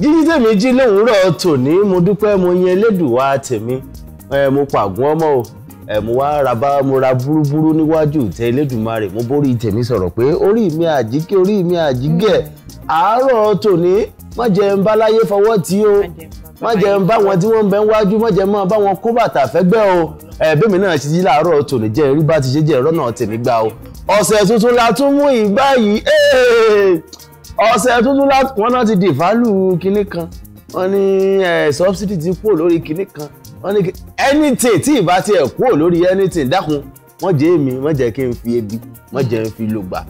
jíjí tèmi jí lówùúrọ̀ tòní mo dúpẹ́ mo yìn Elédùwà tèmi mo pàgùn ọmọ o mo wá rabá mo ra búrúbúrú níwájú ìtẹ́ Elédùmarè mo bórí tèmi sọ̀rọ̀ pé orí mi àjíkẹ́ orí mi àjíkẹ́ àárọ̀ tòní má jẹ́ ń bá láyé fọwọ́ tí o má jẹ́ ń bá wọn tí wọ́n ń bẹ wájú má jẹ́ máa bá wọn kó bàtà fẹ́gbẹ́ o ẹ̀ẹ́dẹ́mi náà ṣe jí láàárọ̀ tòní jẹ́ rí bá ti ṣe jẹ́ ẹ̀rọ tèmi gbà o ọ̀sẹ̀ tuntun la tún mú ìgbà ọ̀sẹ̀ tuntun wọn náà ti devalue kinní kan wọ́n ní subsidy ti kúrò lórí kinní kan wọ́n ní anything tí ìbá tiẹ̀ kúrò lórí anything dákun wọ́n jẹ́ èmi wọ́n jẹ́ kí n fi ebi wọ́n jẹ́ n fi lògbà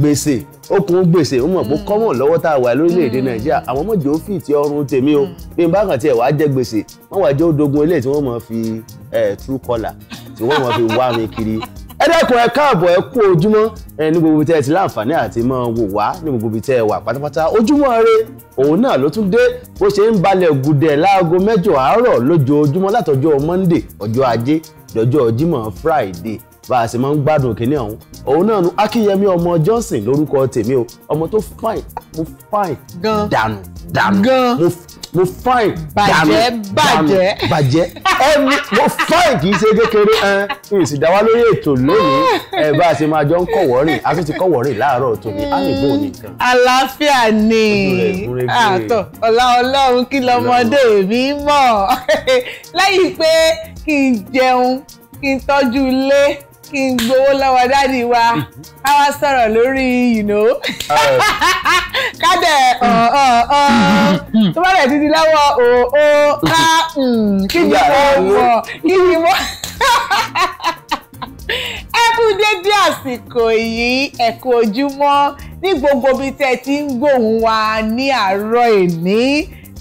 gbèsè okùn gbèsè ó mọ̀ pé kọ́mọ̀ hmm. lọ́wọ́ tá a wà lórílẹ̀‐èdè hmm. nàìjíríà àwọn ọmọ jòó fì tí ọrùn tèmi o hmm. bí n bá kàn tiẹ̀ wàá jẹ gbèsè wọ́n wàá jẹ́ ó dogun eléyìí tí wọ́n mọ̀ fi true caller tí wọ́n mọ̀ fi wá mi kiri ẹ dẹ́kun ẹ káàbọ̀ ẹ kú ojúmọ́ ẹ ní gbogbo tẹ́ ẹ ti láǹfààní àti máa wò wá ní gbogbo tẹ́ ẹ wà pátápátá ojúmọ́ ire òun náà ló tún dé bó ṣe ń balẹ̀ gùdẹ̀ láago mẹ́jọ àárọ̀ lójoojúmọ́ látọjọ́ Monday ọjọ́ ajé dọjọ́ Jímọ̀ Friday bá a sì máa ń gbádùn kínní ọ̀hún òun náà nu akínyẹmí ọmọ johnson lórúkọ tèmi o ọmọ tó fine mo fine dànù dànù mo mo fine bàjẹ́ bàjẹ́ bàjẹ́ ẹni mo fine kì í ṣe kékeré ẹn ìrìnsì dá wa lórí ètò lónìí ẹ bá a ṣe máa jọ ń kọ̀wọ́ rìn a tún ti kọ̀wọ́ rìn láàárọ̀ tòní á lè bó o nìkan. àlàáfíà ni àtọ ọlá Ọlọ́run kí lọmọdé mi mọ̀ lẹ́yìn pé kí n jẹun kí n tọ́jú ilé kí n gbowó lọ́wọ́ dáàdi wa ká wá sọ̀rọ̀ lórí ìnó kádẹ ọ̀ọ̀ọ̀ tó bá rẹ̀ títí lọ́wọ́ òó ká mm, kí ni mo wọ̀ kí ni mo ẹ kú dédé àsìkò yìí ẹ ojúmọ́ ní gbogbo ibi tẹ́ ẹ ti ń gbóhùn wa ní àárọ̀ èní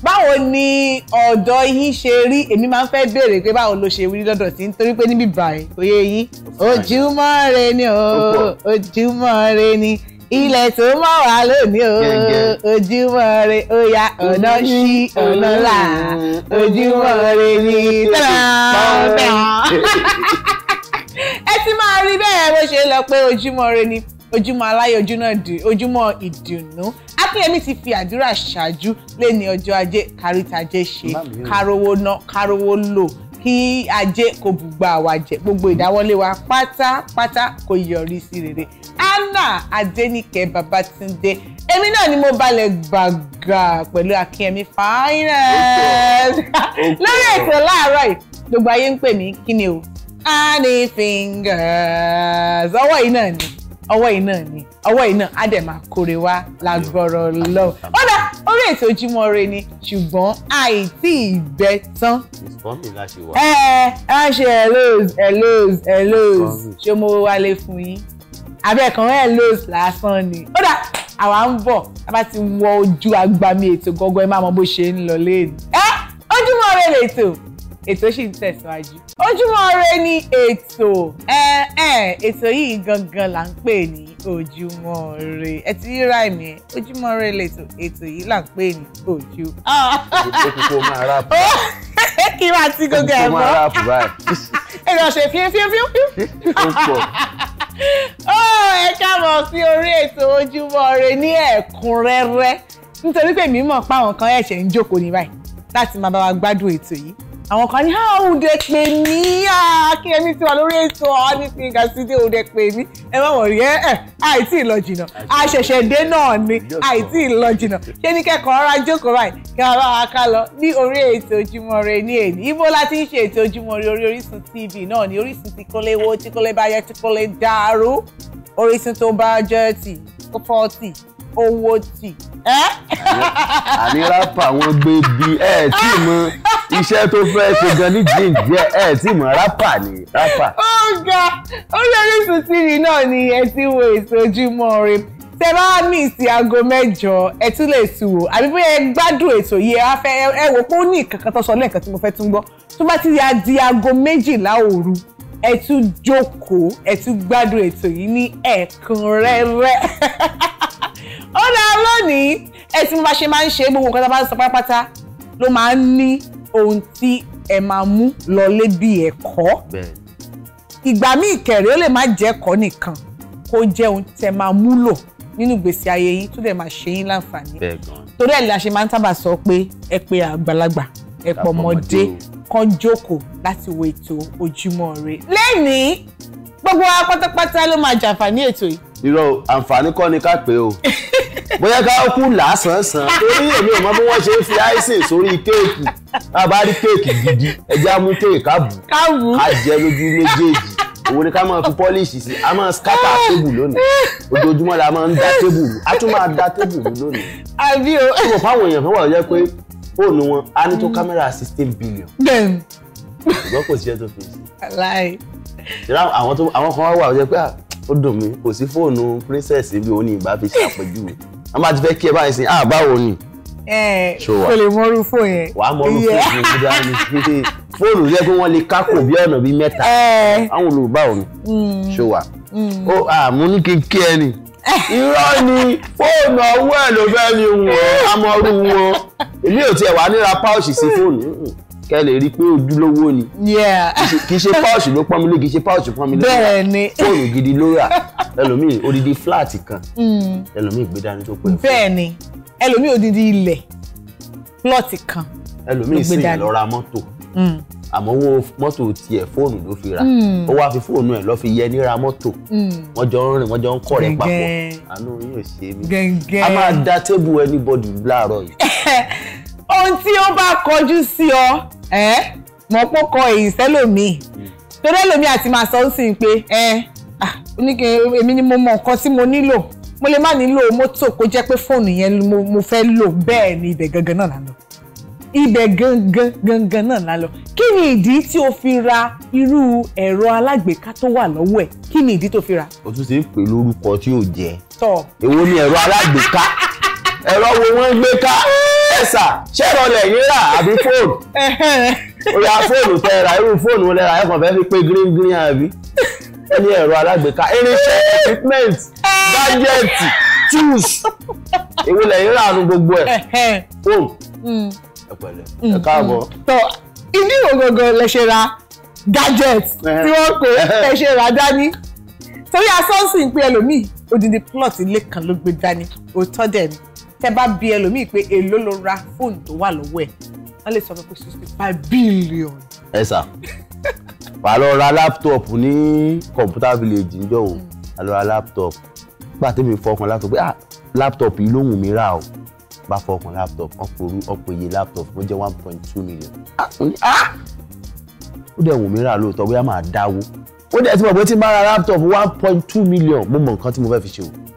báwo ni ọ̀dọ̀ yín ṣe rí èmi máa ń fẹ́ béèrè pé báwo ló ṣe rí lọ́dọ̀ tí nítorí pé níbi báyìí oyè yín ojúmọ́ re ni o ojúmọ́ re ni ilẹ̀ tó mọ̀ wá lónìí o ojúmọ́ re oya ya ọ̀nà ṣí ọ̀nà là ojúmọ́ re ni tẹ́lẹ̀ ẹ ti máa rí bẹ́ẹ̀ bó ṣe lọ pé ojúmọ́ re ni ojúmọ́ aláyọ̀ ojúmọ́ ìdùnnú akínyẹmí ti fi àdúrà ṣáájú lẹ́ni ọjọ́ ajé kárìtàjẹ́ ṣe kárówó ná kárówó lò kí ajé kò bùgbà wá jẹ gbogbo ìdáwọ́lé wa pátápátá kò yọrí sí rere anna adéníkẹ́ babátúndé èmi náà ni mo balẹ̀ gbàgà pẹ̀lú akínyẹmí finance lórí ètò láàárọ̀ yìí gbogbo ayé ń pè mí kí ni o honey fingers ọwọ́ yìí náà ni ọwọ́ yìí náà ni ọwọ́ yìí náà á dẹ̀ máa kórè wá lágbọ́rọ̀ lọ́wọ́ ó dá orí ètò Ojúmọ́ Ire ni ṣùgbọ́n àìtí ìbẹ tán. ìfọ́nmi la ṣe wà. ẹ ẹ á ṣe hellos hellos hellos ṣé mo wálé fún yín abẹ́ẹ̀kan hellos lásán ni ó dá àwa ń bọ̀ a bá ti wọ ojú agbami ètò gọ́gọ́ ẹ máa mọ bó ṣe ń lọ léèdì. ẹ Ojúmọ́ Ire lètò ètò sì ń tẹ̀síwájú. ojúmọ́ ire ni ètò ẹ ẹ ètò yìí gangan là ń pè ní ojúmọ́ ire ẹ ti rí ráìmì ẹ ojúmọ́ ire lètò ètò yìí là ń pè ní ojú. ètò máa rà bù. kí n máa ti gbogbo ẹ̀ mọ́ èrò ọ̀sẹ̀ fífífífí. ó pọ̀ ó oh, ẹ káàbọ̀ sí orí ètò ojúmọ́ ire ní ẹ̀kúnrẹ́rẹ́ nítorí pé mi mọ̀ páwọn kan ẹ̀ṣẹ̀ ń jókòó ní báyìí láti máa bá wa gbádùn ètò yìí àwọn kan ní àwọn ah, òde pè mí ah, kí ẹmí ti wà lórí ètò ọ̀ọ́nì fíńgà sí dé òde pè mí ẹ má wọ̀ rí ẹ ẹ àìtí ìlọ jìnnà àṣẹ̀ṣẹ̀ dé náà ni àìtí ìlọ jìnnà ṣé ní kẹ́kọ̀ọ́ rárá jókòó báyìí kí wọ́n bá wa ká lọ ní orí ètò Ojúmọ́ Ire ní èyí ibo láti ń ṣe ètò Ojúmọ́ Ire orí Orísun TV náà ni Orísun ti kólé wo tí kólé bá yẹ tí kólé dàrú Orísun tó bá jẹ́ tì kó fọ́ tì owó tì. àní rápà wọn gbé bí ẹ tí mo iṣẹ́ tó fẹ́ ṣe gan ní jíìn díẹ̀ ẹ tí mo rápà ni rápà. ó ga orí Orísun TV náà ni ẹ ti wo ètò Ojúmọ́ Ire tẹ bá mí sí aago mẹ́jọ ẹ tún lè sùn wò àbí bóyá ẹ gbádùn ètò yìí ẹ fẹ́ ẹ wò pé ó ní ìkankan tó sọ lẹ́ẹ̀kan tí mo fẹ́ tún gbọ́ tó bá ti di aago méjìlá òru ẹ tún jókòó ẹ tún gbádùn ètò yìí ní ẹ̀kúnrẹ́rẹ́. ní ẹ tí mo bá ṣe máa ń ṣe gbogbo nǹkan tá a bá sọ pátápátá ló máa ń ní ohun tí ẹ máa mú lọlé bí ẹ̀kọ́ ìgbà míì kẹrẹ ó lè má jẹ́ ẹ̀kọ́ nìkan kó jẹ́ ohun tẹ máa múlò nínú ìgbésí ayé yín tó dẹ̀ máa ṣe yín láǹfààní torí ẹ̀ la ṣe máa ń tábà sọ pé ẹ pé àgbàlagbà ẹ pọ̀ ọmọdé kan jókòó láti wo ètò Ojúmọ́ Ire lẹ́nìí gbogbo wa pátápátá ló máa jàǹfààní ètò yìí. irọ́ àǹfààní kọ́ ni ká pé o bóyá ká kú làásánsan torí èmi ò mọ bí wọ́n ṣe ń fi icing sórí kéèkì tá a bá rí kéèkì gidi ẹja mú kéèkì ká bù ká jẹ lójú méjèèjì òun ni ká máa fi pọ́líṣì sí a máa scatter tébù lónìí ojoojúmọ́ la máa ń da tébù a tún máa da tébù mú lónìí. àbí o. ṣé mo fáwọn èèyàn fún wa jẹ́ pé fóònù wọn a ní tó mm. kámẹ́rà sixteen billion. bẹ́ẹ̀ni. ṣùgbọ́n kò sí ẹ tó fi. aláì ṣẹlá àwọn tó àwọn kan wá wà ó jẹ pé ah, ó dùn mí kò sí fóònù princess bí òun ní ìbá fi ṣàpèjúwe wọn bá ti fẹ́ kí ẹ báyìí sin ah báwo ni. ẹ kò lè mọrú fóònù yẹn. wàá mọrú fóònù yẹn kúndà ní pé fóònù yẹ kí wọ́n lè kákò bí ọ̀nà bíi mẹ́ta àwọn olùbá òun mm. ṣó wà. Mm. ó àmú ní kíkí ẹ ni irọ́ ni fóònù ọwọ́ ẹ̀ ló fẹ́ mi wọ̀ ọ́ amọ̀rú wọn èmi ò tiẹ̀ wà níra páùsì sí fóònù kẹ́ lè rí i pé ojúlówó ni kì í ṣe pọ́ọ̀sì ló pọ́nmi lé kì í ṣe pọ́ọ̀sì pọ́nmi lé bẹ́ẹ̀ fóònù gidi ló rà ẹlòmíì odidi fúláàtì kan hmm. ẹlòmíì gbé tó pẹ́ fún ẹlòmíì odidi ilẹ̀ plọ́ọ̀tì kan ẹlòmíì sì lọ mọ́tò hmm. àmọ́ owó mọ́tò tiẹ̀ fóònù ló fi rà hmm. ó wá fi fóònù ẹ̀ lọ́ fi yẹ níra mọ́tò wọ́n jọ ń rìn wọ́n jọ ń kọ́ rẹ̀ papọ̀ àánú yóò ṣe é mi a máa da tébù anybody láàárọ̀ yìí ohun tí ó bá kọjú sí ọ ẹ mọ̀ pọ̀ kọ èyí sẹ́lòmíì torí ẹlòmíì àti máa sọ ó sì ń pé ẹ oníke èmi ni mo mọ nǹkan tí mo nílò mo lè má nílò mọ́tò kó jẹ́ pé fóònù yẹn mo fẹ́ lò bẹ́ẹ̀ ni ibẹ̀ gangan náà lálọ ibẹ̀ gangan gangan náà lálọ kí ni ìdí tí o fi ra irú ẹ̀rọ alágbèéká tó wà lọ́wọ́ ẹ̀ kí ni ìdí tó fi ra. o tún ṣe ń pè lórúkọ tí ò jẹ. tọ èwo ni ẹ̀rọ alágbèéká ẹ̀rọ wo wọ́n ń gbé ká ẹ̀ sà ṣé ìrọ̀lẹ̀ yín rà àbí fóònù oya fóònù tẹ ra irú fóònù wọn lẹ́ra ẹ̀kọ́ fẹ́ẹ́ fi pé green green àbí ó ní ẹ̀rọ alágbèéká irinṣẹ́ equipment budget tools èwo lẹ́yìn rà nu gbogbo ẹ̀ fóònù hmm. ẹ pẹ̀lẹ́ ẹ káàbọ̀. Hmm. tọ ilé ògògò lè ṣe ra gadget tí wọ́n pè é lè ṣe ra dání torí asọ́nsìn pé ẹlòmíì odidi plot ilé kan ló gbé dání òótọ́ dẹ̀ ni tẹ bá bí ẹlòmíì pé èló ló ra fóònù tó wà lọ́wọ́ ẹ̀ wọ́n lè sọ pé sixty five billion. ẹ sà wà á lọ ra laptop ní computer village níjọ́ wo hmm. a lọ ra laptop nígbà tẹ́mi fọkàn laptop pé ah laptop yìí ló wù mí rà o bá fọkàn laptop ọ̀pọ̀ orú ọ̀pọ̀ iye laptop wọ́n jẹ́ one point two million ah, ah ó dẹ̀ wù mí rà lóòótọ́ bóyá màá dáwó ó dẹ̀ tí mo bọ́ tí n bá ra laptop one point two million mo mọ nǹkan tí mo fẹ́ fi ṣe o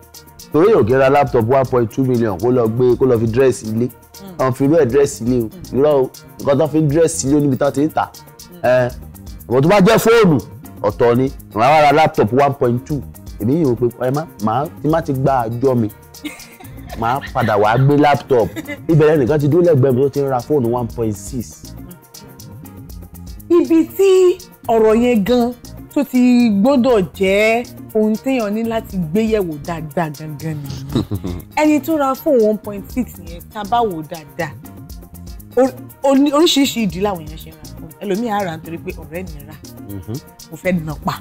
torí èèyàn kí ra laptop one point two million kó lọ gbé kó lọ fi dírẹ́sì ilé àwọn hmm. fi irú ẹ̀ dírẹ́sì ilé o hmm. irọ́ o nǹkan tó fi ń dírẹ́sì ilé oníbi tó ti ń tà hmm. ọ̀ tó bá jẹ́ fóònù ọ̀tọ̀ ni màá wá ra laptop one point two èmi yìí wò pé ẹ má màá tí má ti gba àjọ mi màá padà wàá gbé laptop ìbẹ̀rẹ̀ nìkan ti dúró lẹ́gbẹ̀ẹ́ mi tó ti ń ra fóònù one point six. ibi tí ọ̀rọ̀ yẹn gan-an tó ti gbọ́dọ̀ jẹ́ ohun téèyàn ní láti gbéyẹ̀wò dáadáa gangan ni ẹni tó ra fóònù one point six yẹn tá a bá wò dáadáa oríṣiríṣi ìdí làwọn èèyàn ṣe ra fóònù ẹlòmíì á rà nítorí pé ọ̀rẹ́ mi rà mm-hmm. mo fẹ́ nà pa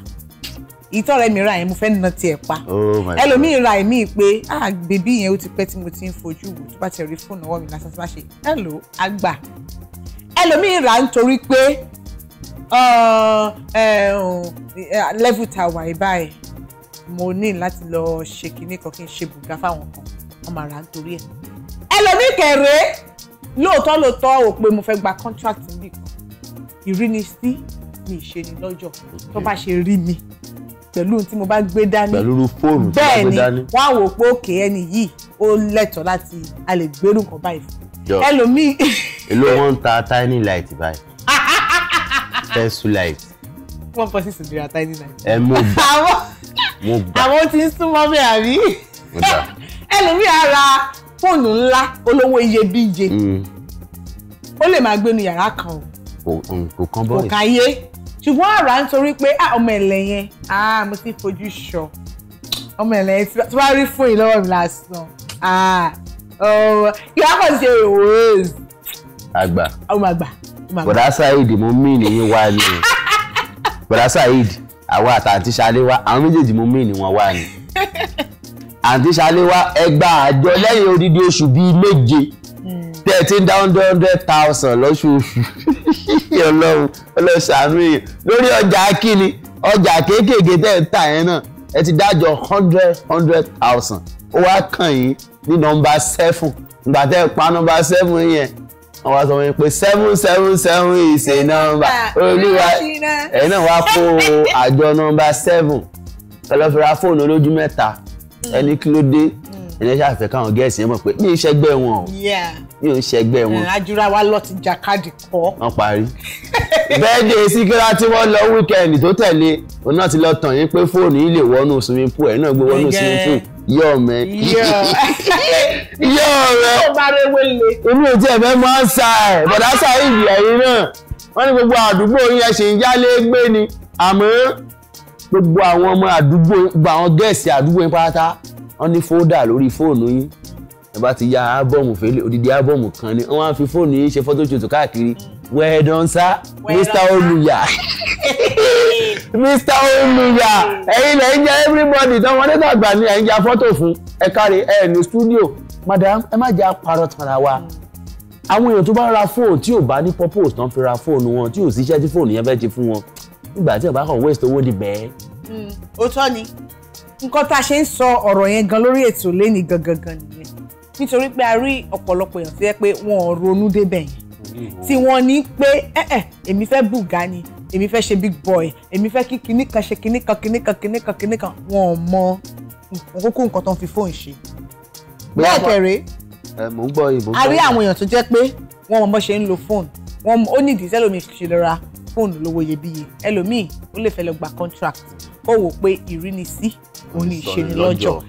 ìtọ́rẹ́ mi ra yẹn mo fẹ́ na tiẹ̀ pa oh ẹlòmíì ra ẹ̀mí pé ah bèbí yẹn ó ti pẹ́ tí mo ti ń fojú wò tó bá ti rí fóònù ọwọ́ mi lásán tí wọ́n ṣe hello àgbà ẹlòmíì ra nítorí pé Uh, um, level tá a wà yìí báyìí mo ní láti lọ ṣe kinní kan kí n ṣe bùgá fáwọn kan wọn máa rà nítorí ẹ̀. ẹlòmíì kẹrẹ lóòótọ́ ò pé mo fẹ́ gba contract níbì kan ìrínisí ni ìṣenilọ́jọ̀ tó bá ṣe rí mi pẹ̀lú tí mo bá gbé dání. pẹ̀lú ni wọ́n á wò pé òkè ẹni yìí ó lẹ́tọ̀ọ́ láti a lè gbérù kan báyìí fún. èló wọn ń ta tiny light báyìí first two life. one person should be at tiny life. ẹ mo gbà mo gbà. àwọn tí ń súnmọ́ mi àbí. mo gbà. ẹlòmíà ra fóònù ńlá olówó iyebíye hmm. ó lè máa gbénu yàrá kan o. kò kán hmm, bọ́ọ̀lì. kò káyé ṣùgbọ́n àrà ń torí pé ah, ọmọ ẹ̀lẹ̀ yẹn ah, mo ti fojú sọ ọmọ ẹ̀lẹ̀ yẹn tí wọ́n rí fóònù lọ́wọ́ mi lásán ìyá ah, oh, kan ṣe ìwòrán. àgbà. ọmọ àgbà bọ̀dá Saheed mo mí nìyí wá ni bọ̀dá Saheed àwa àtàntí Ṣaléwá àwọn méjèèjì mo mí ni wọ́n wá ni àǹtí Ṣaléwá ẹgbà àjọ lẹ́yìn odidi oṣù bíi méje hmm. tẹ́ ẹ ti ń dá hundred hundred thousand lóṣooṣù ọlọ́run ọlọ́ṣàánú èèyàn lórí ọjà kíni ọjà kéékèèké tẹ́ ẹ ta yẹn náà ẹ ti dájọ hundred hundred thousand ó wá kàn yín ní nọ́mbà seven ìgbà tẹ́ ẹ pa nọ́mbà seven yẹn wọ́n wá sọ wọn pé seven seven seven is a number ah, olúwa ẹ̀yin náà wá kó àjọ number seven ẹ lọ́ọ́ fi ra fóònù olójú mẹ́ta hmm. ẹni kí ló dé hmm. ẹni ṣàfẹ́ káwọn gẹ̀ẹ́sì yẹn mọ̀ pé ní ìṣẹ́gbẹ́ wọn o mi ò ṣẹgbẹ́ wọn. àjùra wa lọ ti jàkadì kọ́. wọ́n parí. bẹ́ẹ̀dì síkírá tí wọ́n lọ wíkẹ́ndì tó tẹ̀lé òun náà ti lọ tàn yín pé fóònù yìí lè wọnú swimming pool ẹ̀ náà gbé wọnú swimming pool yọ mẹ yọ rẹ inú ètí ẹ̀fẹ́ máa ń sa ẹ̀ bọ̀dá sáyéèjì ẹ̀yìn náà wọ́n ní gbogbo àdúgbò yín ẹ̀ṣẹ̀ ń yálé gbé ni àmọ́ gbogbo àwọn ọmọ àdúgbò gbogbo àwọn gẹ̀ẹ́sì àdúgbò yín pátá wọ́n ní fódà lórí fóònù yín ẹ bá ti ya ábọ̀mù fẹ́lẹ̀ odidi ábọ̀mù kan ni wọ́n á fi fóònù yìí ṣe fọ́tò ṣètò káàkiri wẹ́ẹ̀dọ́nsá mr olùyà mr olùyà ẹ̀yin lẹ̀ jẹ́ everybody tán wọ́n nígbà gbà ni ẹ̀ ń ya fọ́tò fún ẹ káre ẹ ní studio madam ẹ má jẹ́ àparọ̀ tara wa àwọn èèyàn tó bá ra fóònù tí ò bá ní purpose tán fi ra fóònù wọn tí ò sì tí fóònù yẹn fẹ́ ti fún wọn nígbà tí ò bá waste owó di bẹ́ẹ̀. Hmm, òótọ́ ni nǹkan tá a ṣe ń sọ ọ̀rọ̀ yẹn gan lórí ètò lẹ́ni gangan nìyẹn nítorí pé a rí ọ̀pọ̀lọpọ̀ èèyàn tó yẹ pé wọn ò ronú débẹ̀ yẹn mm-hmm. tí wọ́n ní pé ẹ̀ẹ́ èmi fẹ́ bùgá ni èmi fẹ́ ṣe big boy èmi fẹ́ kí kinní kan ṣe kinní kan kinní kan kinní kan kinní kan wọn ò mọ kókó nǹkan tó ń fi fóònù ṣe. bẹ́ẹ̀ kẹ̀rẹ́ mò ń a rí àwọn èèyàn tó jẹ́ pé wọ́n mọ bó ṣe ń lo fóònù wọ́n ó ní ìdí sẹ́lòmíì ṣe lọ ra fóònù lówó iyebíye ẹlòmíì ó lè fẹ́ lọ gba contract kó wò pé ìrínisí òun ní ìṣenilọ́jọ̀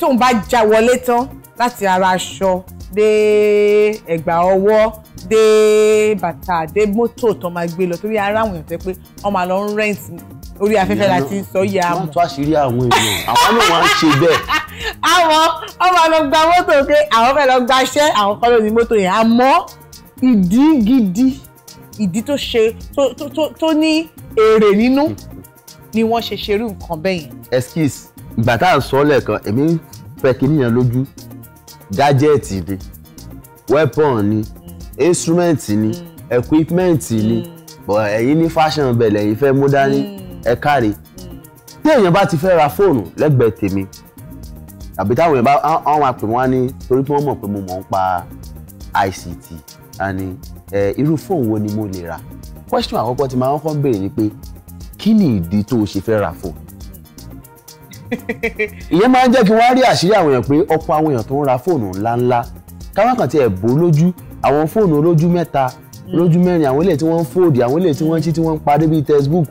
tóun bá já wọlé tán láti ara aṣọ dé ẹ̀gbà ọwọ́ dé bàtà dé mọ́tò tó máa gbé lọ torí ara àwọn èèyàn fẹ́ pé wọ́n máa lọ ń rẹ́ǹtì orí afẹ́fẹ́ la ti ń sọ yìí àmọ́. wọ́n tún àṣírí àwọn èèyàn àwọn náà wọ́n á ṣe bẹ́ẹ̀. àwọn ọmọ lọ gba mọ́tò pé àwọn fẹ́ lọ gbaṣẹ́ àwọn kọ́ ló ní mọ́tò yẹn àmọ́ ìdí gidi ìdí tó ṣe tó ní èrè nínú ni wọ́n ṣe ṣerú nǹkan bẹ́ẹ̀ yẹn. excuse gbàtà sọ lẹ́ẹ̀kan èmi fẹ́ kí níyàn lójú gadgeti ni weapon ni instrument ni mm. equipment ni mm. but ẹ̀yin ní fashion bẹ̀lẹ̀ ẹ̀yin fẹ́ mú dání mm. ẹ káre tí èèyàn bá ti fẹ́ ra fóònù lẹ́gbẹ̀ẹ́ tèmi àbí táwọn èèyàn bá àwọn àpè wọn ní torí pé wọ́n mọ̀ pé mo mọ̀ ń pa ICT àní irú fóònù wo ni mo lè rà question àkọ́kọ́ tí màá kọ́ béèrè ni pé kí ni ìdí tó o ṣe fẹ́ ra fóònù ìyẹn máa ń jẹ́ kí wọ́n rí àṣírí àwọn èèyàn pé ọ̀pọ̀ àwọn èèyàn tó ń ra fóònù ńláńlá káwọn kan ti ẹ̀ bò lójú àwọn fóònù olójú mẹ́ta hmm. olójú mẹ́rin àwọn eléyìí tí wọ́n ń fóòdì àwọn eléyìí tí wọ́n ń ṣí tí wọ́n ń parí bíi textbook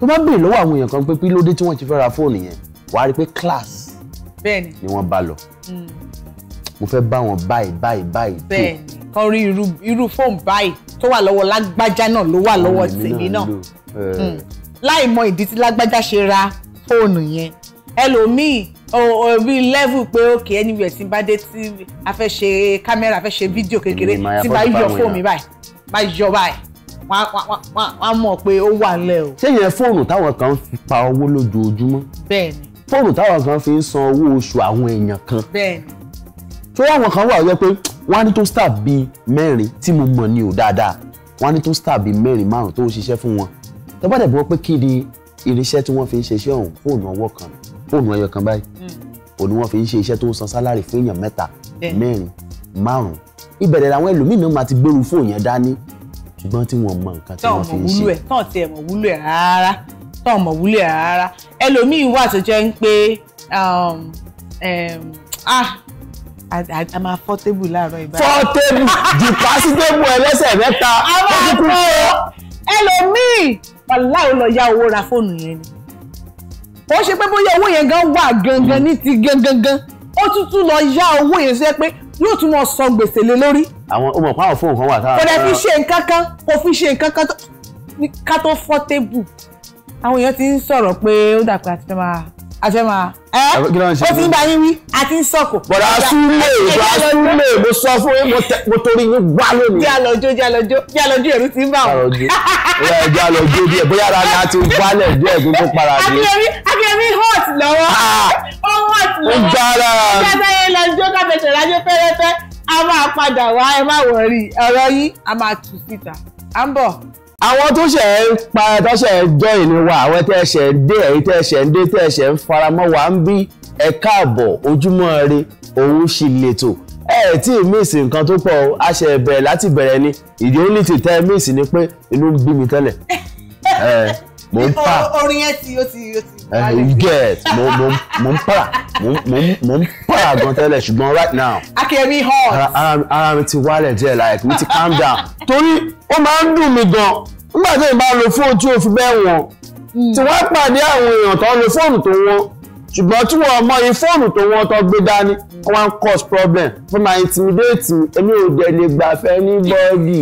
tó bá béèrè lọ́wọ́ àwọn èèyàn kan pé kí tí wọ́n ti fẹ́ ra fóònù yẹn wàá rí pé class ni wọ́n bá lọ hmm. mo fẹ́ bá wọn báyìí báyìí báyìí tó. Hmm. láì mọ ìdí tí lágbájá ṣe ra fóònù yẹn ẹlòmíì orí level pé ok anywhere tí n bá dé tí a fẹ́ ṣe kámẹ́rà a fẹ́ ṣe fídíò kékeré tí bá yọ fóònù mi báyìí bá yọ báyìí wọ́n á mọ̀ pé ó wà nílẹ̀ o. ṣé yẹn fóònù táwọn kan fi pa owó lójoojúmọ́. bẹ́ẹ̀ni. fóònù táwọn kan fi ń san owó oṣù àwọn èèyàn kan. bẹ́ẹ̀ni. tó àwọn kan wà wípé wọ́n á ní tó star bíi mẹ́rin tí mo mọ̀ ni ò dáadáa wọ́n á ní tó star bíi mẹ́rin márùn-ún tó ń ṣiṣẹ́ fún wọn. tọ́bọ̀dẹ̀ bí wọ́n pé kí ni irinṣẹ́ tí wọ́n fi ń ṣe iṣẹ́ ọ̀hún fóònù ọwọ́ kan ni fóònù ẹyọ kan báyìí hmm. òun ni wọ́n fi ń ṣe iṣẹ́ tó ń san sálárì fún èèyàn mẹ́ta mẹ́rin márùn-ún ìbẹ̀rẹ̀ làwọn ẹlòmíín náà máa ti gbèrú fóònù yẹn dání ṣùgbọ́n tí wọ́n mọ nǹkan tí wọ́n fi ń ṣe. tọ́ ọ̀mọ̀ wúlò ẹ̀ tọ́ ọ̀tẹ̀ mọ̀ wúlò ẹ̀ rárá tọ́ ọ̀mọ̀ wúlò ẹ̀ rárá ẹlòmíín wà tó jẹ́ ń pé um, ah a máa fọ́ tébù láàárọ̀ ìbára. fọ́ tébù jìpásí tébù ẹlẹ́sẹ̀ mẹ́ta. a máa fọ́ ẹlòmíín wàláì ó lọ yá owó ra fóònù yẹn ni ó ṣe pé bóyá owó yẹn gan wà gangan ní ti gangan ó tún lọ yá owó yẹn sọ pé yóò tún mọ san gbèsè lé lórí. àwọn ó mọ̀ fóònù kan wà táwọn. kò fi ṣe nǹkan kò fi ṣe nǹkan ká tó fọ́ tébù àwọn èèyàn ti ń sọ̀rọ̀ pé ó dà àti fẹ́ máa àfẹ́ máa ẹ́ ó ti ń bá yín wí àti ń sọ̀kò. bọ̀dà súnlé bọ̀dà súnlé mo sọ fún yín mo torí yín wá lónìí. jẹ́ àlọ́jọ́ jẹ́ àlọ́jọ́ jẹ́ àlọ́jọ́ ẹ̀rú ti ń bà wọ́n. jẹ́ àlọ́jọ́ díẹ̀ bóyá ara ni a ti wálẹ̀ díẹ̀ tó tó para dé. akínyẹmí akínyẹmí hot lọ́wọ́ ah! ó hot lọ́wọ́ ó gbára. ìjọba yẹn lọ jó káfẹsẹ̀ rájọ́ fẹ́rẹ́fẹ́ a máa padà wá ẹ má wọrí ọ̀rọ̀ yín a máa tù síta à ń bọ̀ àwọn tó ṣẹ̀ ń pa tó ṣẹ̀ ń jọ ìní wa àwọn tẹ́ ṣẹ̀ ń dé ẹ̀yìn tẹ́ ṣẹ̀ ń dé tẹ́ ṣẹ̀ ń faramọ́ wa ń bí ẹ káàbọ̀ ojúmọ́ ire òun sì lètò ẹ ẹ tí míìsì nǹkan tó pọ̀ a ṣe bẹ̀rẹ̀ láti bẹ̀rẹ̀ ni ìdí ó ní ti tẹ́ míìsì ni pé inú ń bí mi tẹ́lẹ̀ mo ń pa orin yẹn ti o ti o ti. you get mo mo mo ń para mo mo mo ń para gan tẹ́lẹ̀ ṣùgbọ́n right now. akẹ́mi hot. ara mi ti wálẹ̀ díẹ̀ like mi ti calm down torí ó máa ń dùn mí gan nígbà tí ìbá lo fóònù tí o fi bẹ́ẹ̀ wọ̀n hmm. tí wọ́n pàdé àwọn èèyàn tó ń lo fóònù tó wọ́n ṣùgbọ́n tí wọ́n mọ iye fóònù tó wọ́n tó gbé dání one cause problem fún ma intimidate mi èmi ò dẹ̀ lè gbàfẹ́ ní bọ́ọ̀dì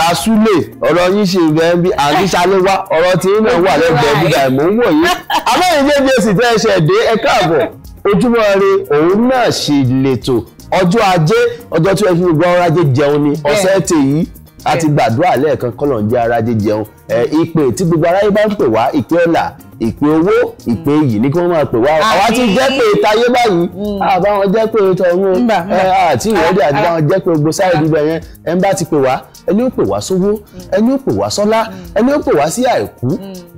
rasule ọ̀rọ̀ yín ṣe ìgbẹ́ bí àdísálẹ̀ wá ọ̀rọ̀ tí yín náà wà lẹ́gbẹ̀ẹ́ bíga ìmọ̀ ń wòye amẹ́rin jẹ́jẹ́ sì tẹ́ ẹsẹ̀ dé ẹ káàbọ̀ ojúmọ́ ire òun náà ṣì lè tò ọjọ́ ajé ọjọ́ tí wọ́n fi gbọ́ ọrọ̀ ajé jẹun ni ọ̀sẹ̀ tèyí a ti gbàdúrà lẹ́ẹ̀kan kọ́lọ̀ ń jẹ́ ara jíjẹun ìpè tí gbogbo aráyé bá ń pè wá ìpè ọ̀la ìpè owó ìpè yìí ní kí wọ́n máa pè wá àwa ti jẹ́ pé tayé báyìí àbáwọn mm. jẹ́ pé tọ̀hún àti ìrẹ́dẹ̀ àti báwọn jẹ́ pé gbogbo sáyẹ̀dì ibẹ̀ yẹn ẹ̀ ń bá ti pè wá ẹni ó pè wá sówó mm. ẹni ó pè wá sọ́lá mm. ẹni ó pè wá sí àìkú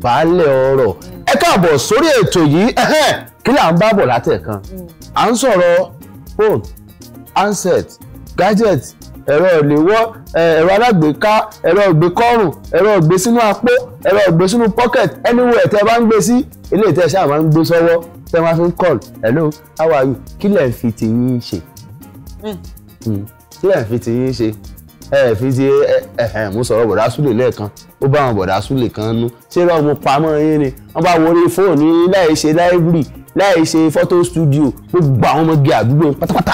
baálé ọrọ̀ ẹ káàbọ̀ sórí ètò yìí kí là ń bá bọ̀ látẹ̀kan à ń sọ̀rọ̀ phone handset gadget ẹ̀rọ ìléwọ́ ẹ̀rọ alágbèéká ẹ̀rọ ìgbékọ́rùn ẹ̀rọ ìgbé sínú àpò ẹ̀rọ ìgbé sínú pocket anywhere tẹ́ bá ń gbé sí ilé ìtẹ́ ṣáà máa ń gbé sọ́wọ́ tẹ́ máa fi ń call hello how are you kí lẹ̀ ń fi tiyín ṣe hmm. Hmm. kí lẹ̀ ń fi tiyín ṣe ẹ ẹ fi ti ẹ ẹ mo sọ̀rọ̀ bọ̀dá súlè lẹ́ẹ̀kan ó bá àwọn bọ̀dá súlè kan nú ṣé bá mo pamọ́ yín ni wọ́n bá wọlé fóònù láì ṣe láìbírì láì ṣe fọ́tò stúdíò gbogbo àwọn ọmọge àdúgbò pátápátá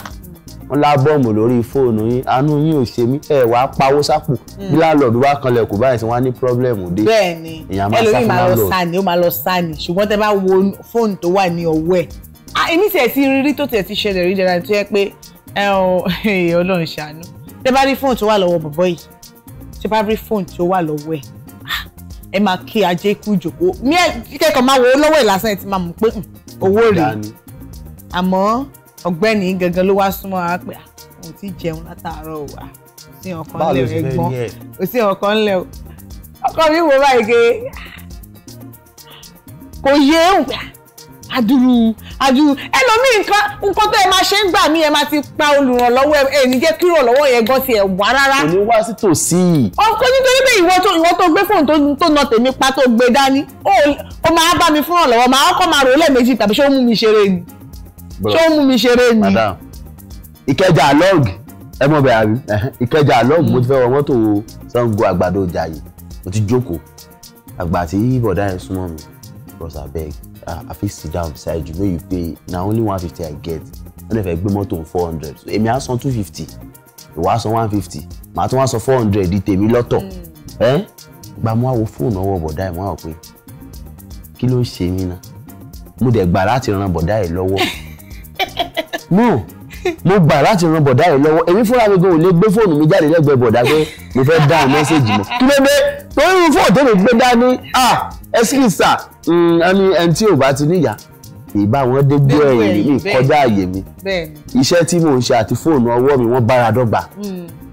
wọ́n lábọ́ọ̀mù lórí fóònù yín àánú yín ò ṣe mí ẹ wàá pawó sápò bí hmm. láàlọ́ọ̀dù wá kanlẹ̀ kò báyìí sí wọ́n á ní pírọ́blẹ̀mù dé. bẹ́ẹ̀ni ẹlòmíì máa lọ sani ó máa lọ sani ṣùgbọ́n tẹ́ bá wo fóònù tó wà ní ọwọ́ ẹ̀ èmi tiẹ̀ ti rírí tó tiẹ̀ ti ṣẹlẹ̀ rí dára tó yẹ pé Ọlọ́run ṣàánú tẹ́ bá rí fóònù tó wà lọ́wọ́ bọ̀bọ́ yìí tẹ́ bá rí fóònù tó wà lọ́wọ́ ẹ̀ ẹ máa kí ajé kú jòkó ní kẹ́kọ̀ọ́ máa wo lọ́wọ́ ẹ̀ lásán ẹ ti máa mọ̀ pé hmm, owó rèé àmọ́ ọ̀gbẹ́ni gangan ló wá súnmọ́ wa pé òun ah, ti jẹun látàárọ̀ wa sí ọkàn lẹ ẹ̀gbọ́n kò sí ọkàn lẹ o ọkọ mi wò báyìí ge ah, kò yé òun pé adúrú adúrú ẹlòmíì nǹkan nǹkan tó ẹ máa ṣe ń gbà mí ẹ máa ti pa olùrànlọ́wọ́ ẹ ní jẹ́ kí ìrànlọ́wọ́ yẹn gan ti ẹ̀ wá rárá. kò ní wá sí tòsí. ọkọ nítorí pé ìwọ tó ìwọ tó gbé fóònù tó nà tèmi pa tó gbé dání ó máa bá mi fún ìrànlọ́wọ́ màá kọ́ máa rò ó lẹ́ẹ̀mejì tàbí ṣé ó mú mi ṣeré ni ṣé ó mú mi ṣeré ni. madam ìkẹjà lọ́ọ̀gì ẹ mọ̀ bẹ́ẹ̀ àbí ìkẹjà lọ́ọ̀gì mo ti fẹ́ wọ mọ́tò Ṣàngó àgbàdo jàyè mo ti jókòó àgbà àti bọ̀dá yẹn súnmọ́ mi bros abeg i fit sit down beside you make you pay na only one fifty i get wọ́n lè fẹ́ gbé mọ́tò four hundred so èmi á san two fifty ìwọ á san one fifty màá tún wá san four hundred di tèmi lọ́tọ̀ hmm. ẹ́ gba mo àwo fóònù ọwọ́ bọ̀dá ẹ̀ mo àwọ̀ pé kí ló ń ṣe mí náà mo dẹ̀ gbà láti ran bọ̀dá ẹ̀ lọ́wọ́ no mo gbà láti ran bọ̀dá rẹ̀ lọ́wọ́ èmi fúnra mi gan ò lè gbé fóònù mi jáde lẹ́gbẹ̀ẹ́ bọ̀dá pé mo fẹ́ dá mẹ́sẹ̀gì mọ́ kí ló dé torí irú fóònù tó lè gbé dání ah excuse sir ẹni mm, ẹni tí ò bá ti níyà ìbá wọn dé gbé ẹ̀yìn mi kọjá àyè mi iṣẹ́ tí mò ń ṣe àti fóònù ọwọ́ mi wọ́n bára dọ́gba mm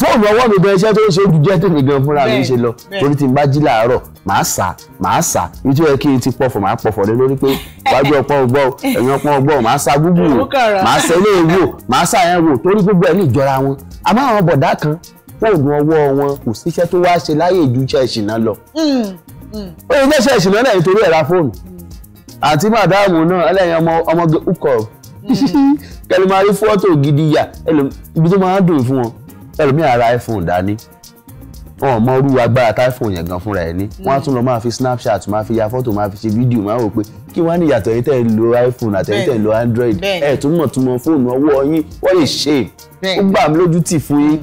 fóònù ọwọ́ mi gan iṣẹ́ tó ń ṣe ojú jẹ́ tèmi gan fúnra mi ṣe lọ torí tí n bá jí láàárọ̀ màá sà màá sà ibi tí ó yẹ kí n ti pọ̀fọ̀ màá pọ̀fọ̀ lé lórí pé wájú ọpọ́n ọgbọ́ ẹ̀yìn ọpọ́n ọgbọ́ màá sa gúgù o màá sa ilé wò màá sa yẹn wò torí gbogbo ẹ̀ ní ìjọra wọn àmọ́ àwọn bọ̀dá kan fóònù ọwọ́ wọn kò síṣẹ́ tó wá ṣe láyé ju iṣẹ́ ìṣìnà lọ hmm, hmm. ó yẹ iṣẹ́ ìṣìnà náà nítorí ẹ̀ra fóònù àti màdáàmù náà ẹlẹ́yin ọmọ ọmọ ukọ̀ hmm. kẹlẹ́ máa rí fọ́tò gidi yà ibi tó máa ń dùn fún wọn ẹlòmíì ara iphone dání wọn ò mọ irú agbára tá iphone yẹn gan fúnra ẹ ní wọn á tún lọ máa fi snapchat máa fi ya fọ́tò máa fi ṣe fídíò máa wò pé kí wọn á ní ìyàtọ̀ yín tẹ̀ ń lo iphone àtẹ̀yìn tẹ̀ ń lo android ẹ̀ túmọ̀ túmọ̀ fóònù ọwọ́ yín wọ́n lè ṣe ó gbà mí lójú tì fún yín.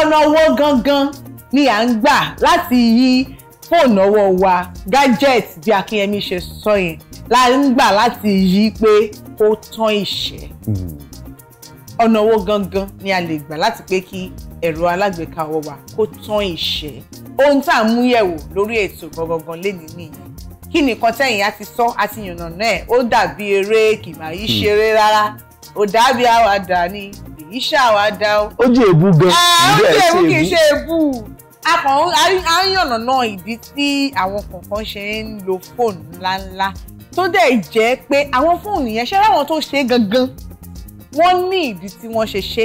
ọ̀nà owó gangan ni à ń gbà láti yí fóònù ọwọ́ wa gadget bí akínyẹmí ṣe sọ yẹn la ń gbà láti yí pé kó tán ìṣẹ́. Hmm ọ̀nà owó gangan ni a lè gbà láti pé kí ẹ̀rọ alágbèéká ọwọ́ wa kó tán ìṣẹ́ ohun tá à ń mú yẹ̀wò lórí ètò gangan lénìí nìyẹn kí nìkan tẹ̀yìn á ti sọ àti yànnà náà ó dàbí eré kì máa yí hmm. ṣeré rárá ó dàbí àwàdà ni èyí ṣàwàdà o. ó jẹ́ èébú gan ah, ó jẹ́ èébú kì í ṣe èébú akàn yànnà náà ìdí tí àwọn kọ̀ọ̀kan ṣe ń lo fóònù ńláńlá tó dẹ̀ jẹ́ pé àwọn fóònù yẹn ṣẹ́ láwọn tó wọ́n ní ìdí tí wọ́n ṣe ṣe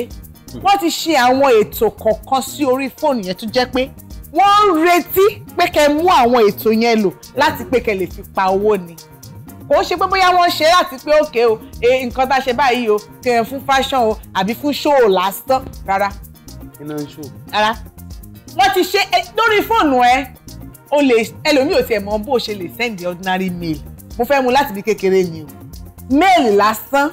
wọ́n ti ṣe àwọn ètò kọ̀ọ̀kan sí orí fóònù yẹn tó jẹ́ pé wọ́n ń retí pé kẹ́ mú àwọn ètò yẹn lò láti pé kẹ́ lè fi pa owó ni kò ṣe pé bóyá wọ́n ṣe láti pé òkè o e, nǹkan tá a ṣe báyìí o kẹrin fún fashion o àbí fún ṣóò lásán rárá. iná ń ṣó. rárá wọ́n ti ṣe e, lórí fóònù ẹ o lè ẹlòmíì ò tiẹ̀ mọ bó o ṣe lè send ordinary mail mo fẹ́ mu láti bí kékeré ni o mail lásán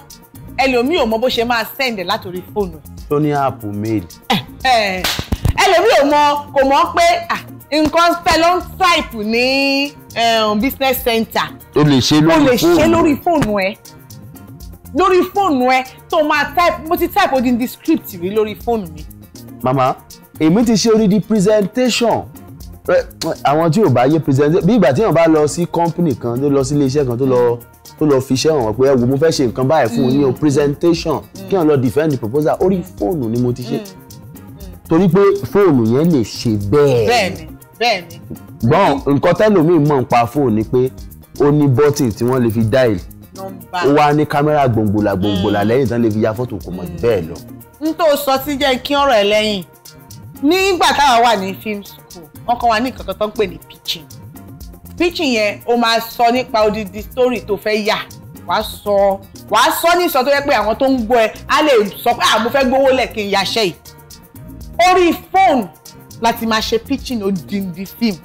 ẹlòmíì ò mọ bó ṣe máa send látòrí fóònù ẹ. ní app mail. Eh, eh. ẹlòmíì ò mọ kò mọ pé ah, nǹkan fẹ́ ló ń type ní eh, business center. o lè ṣe lórí fóònù o lè ṣe lórí fóònù ẹ lórí fóònù ẹ tó máa type mo ti type odindi script rí lórí fóònù mi. Mama, èmi ti ṣe odindi presentation àwọn tí ò bá yé presentation bí ìgbà tí èèyàn bá lọ sí company kan tó lọ sí ilé kan tó lọ. Mm -hmm tó lọ fi iṣẹ́ hàn wọ́n pé ẹ wò mo fẹ́ ṣe nǹkan báyìí fún un ní o mm. presentation mm. kí wọ́n lọ defend the proposal orí fóònù ni mo ti ṣe mm. torí pé fóònù yẹn lè ṣe bẹ́ẹ̀. bẹ́ẹ̀ni bẹ́ẹ̀ni. gbọ́n nǹkan tẹ́lòmíì mọ̀ pa fóònù ni pé ó ní bọ́tìn tí wọ́n lè fi dial ó wá ní kámẹ́rà gbòǹgbòlà gbòǹgbòlà lẹ́yìn tán lè fi ya fọ́tò kò mọ̀ bẹ́ẹ̀ lọ. n tó sọ sí jẹ́ kí ọ̀rọ̀ ẹ̀ lẹ́yìn nígbà táwa wà ní film school wọ́n kọ́ wa ní ìkọ̀kọ̀ tó ń pè ní pitching Pitching yẹn o máa sọ nípa odidi story tó fẹ́ yà wàá sọ wàá sọ ní ìsọ tó yẹ pé àwọn tó ń gbọ́ ẹ á lè sọ pé àwọn fẹ́ gbowó lẹ̀ kí n yàṣẹ́ yìí orí fóònù láti máa ṣe pitching odindi film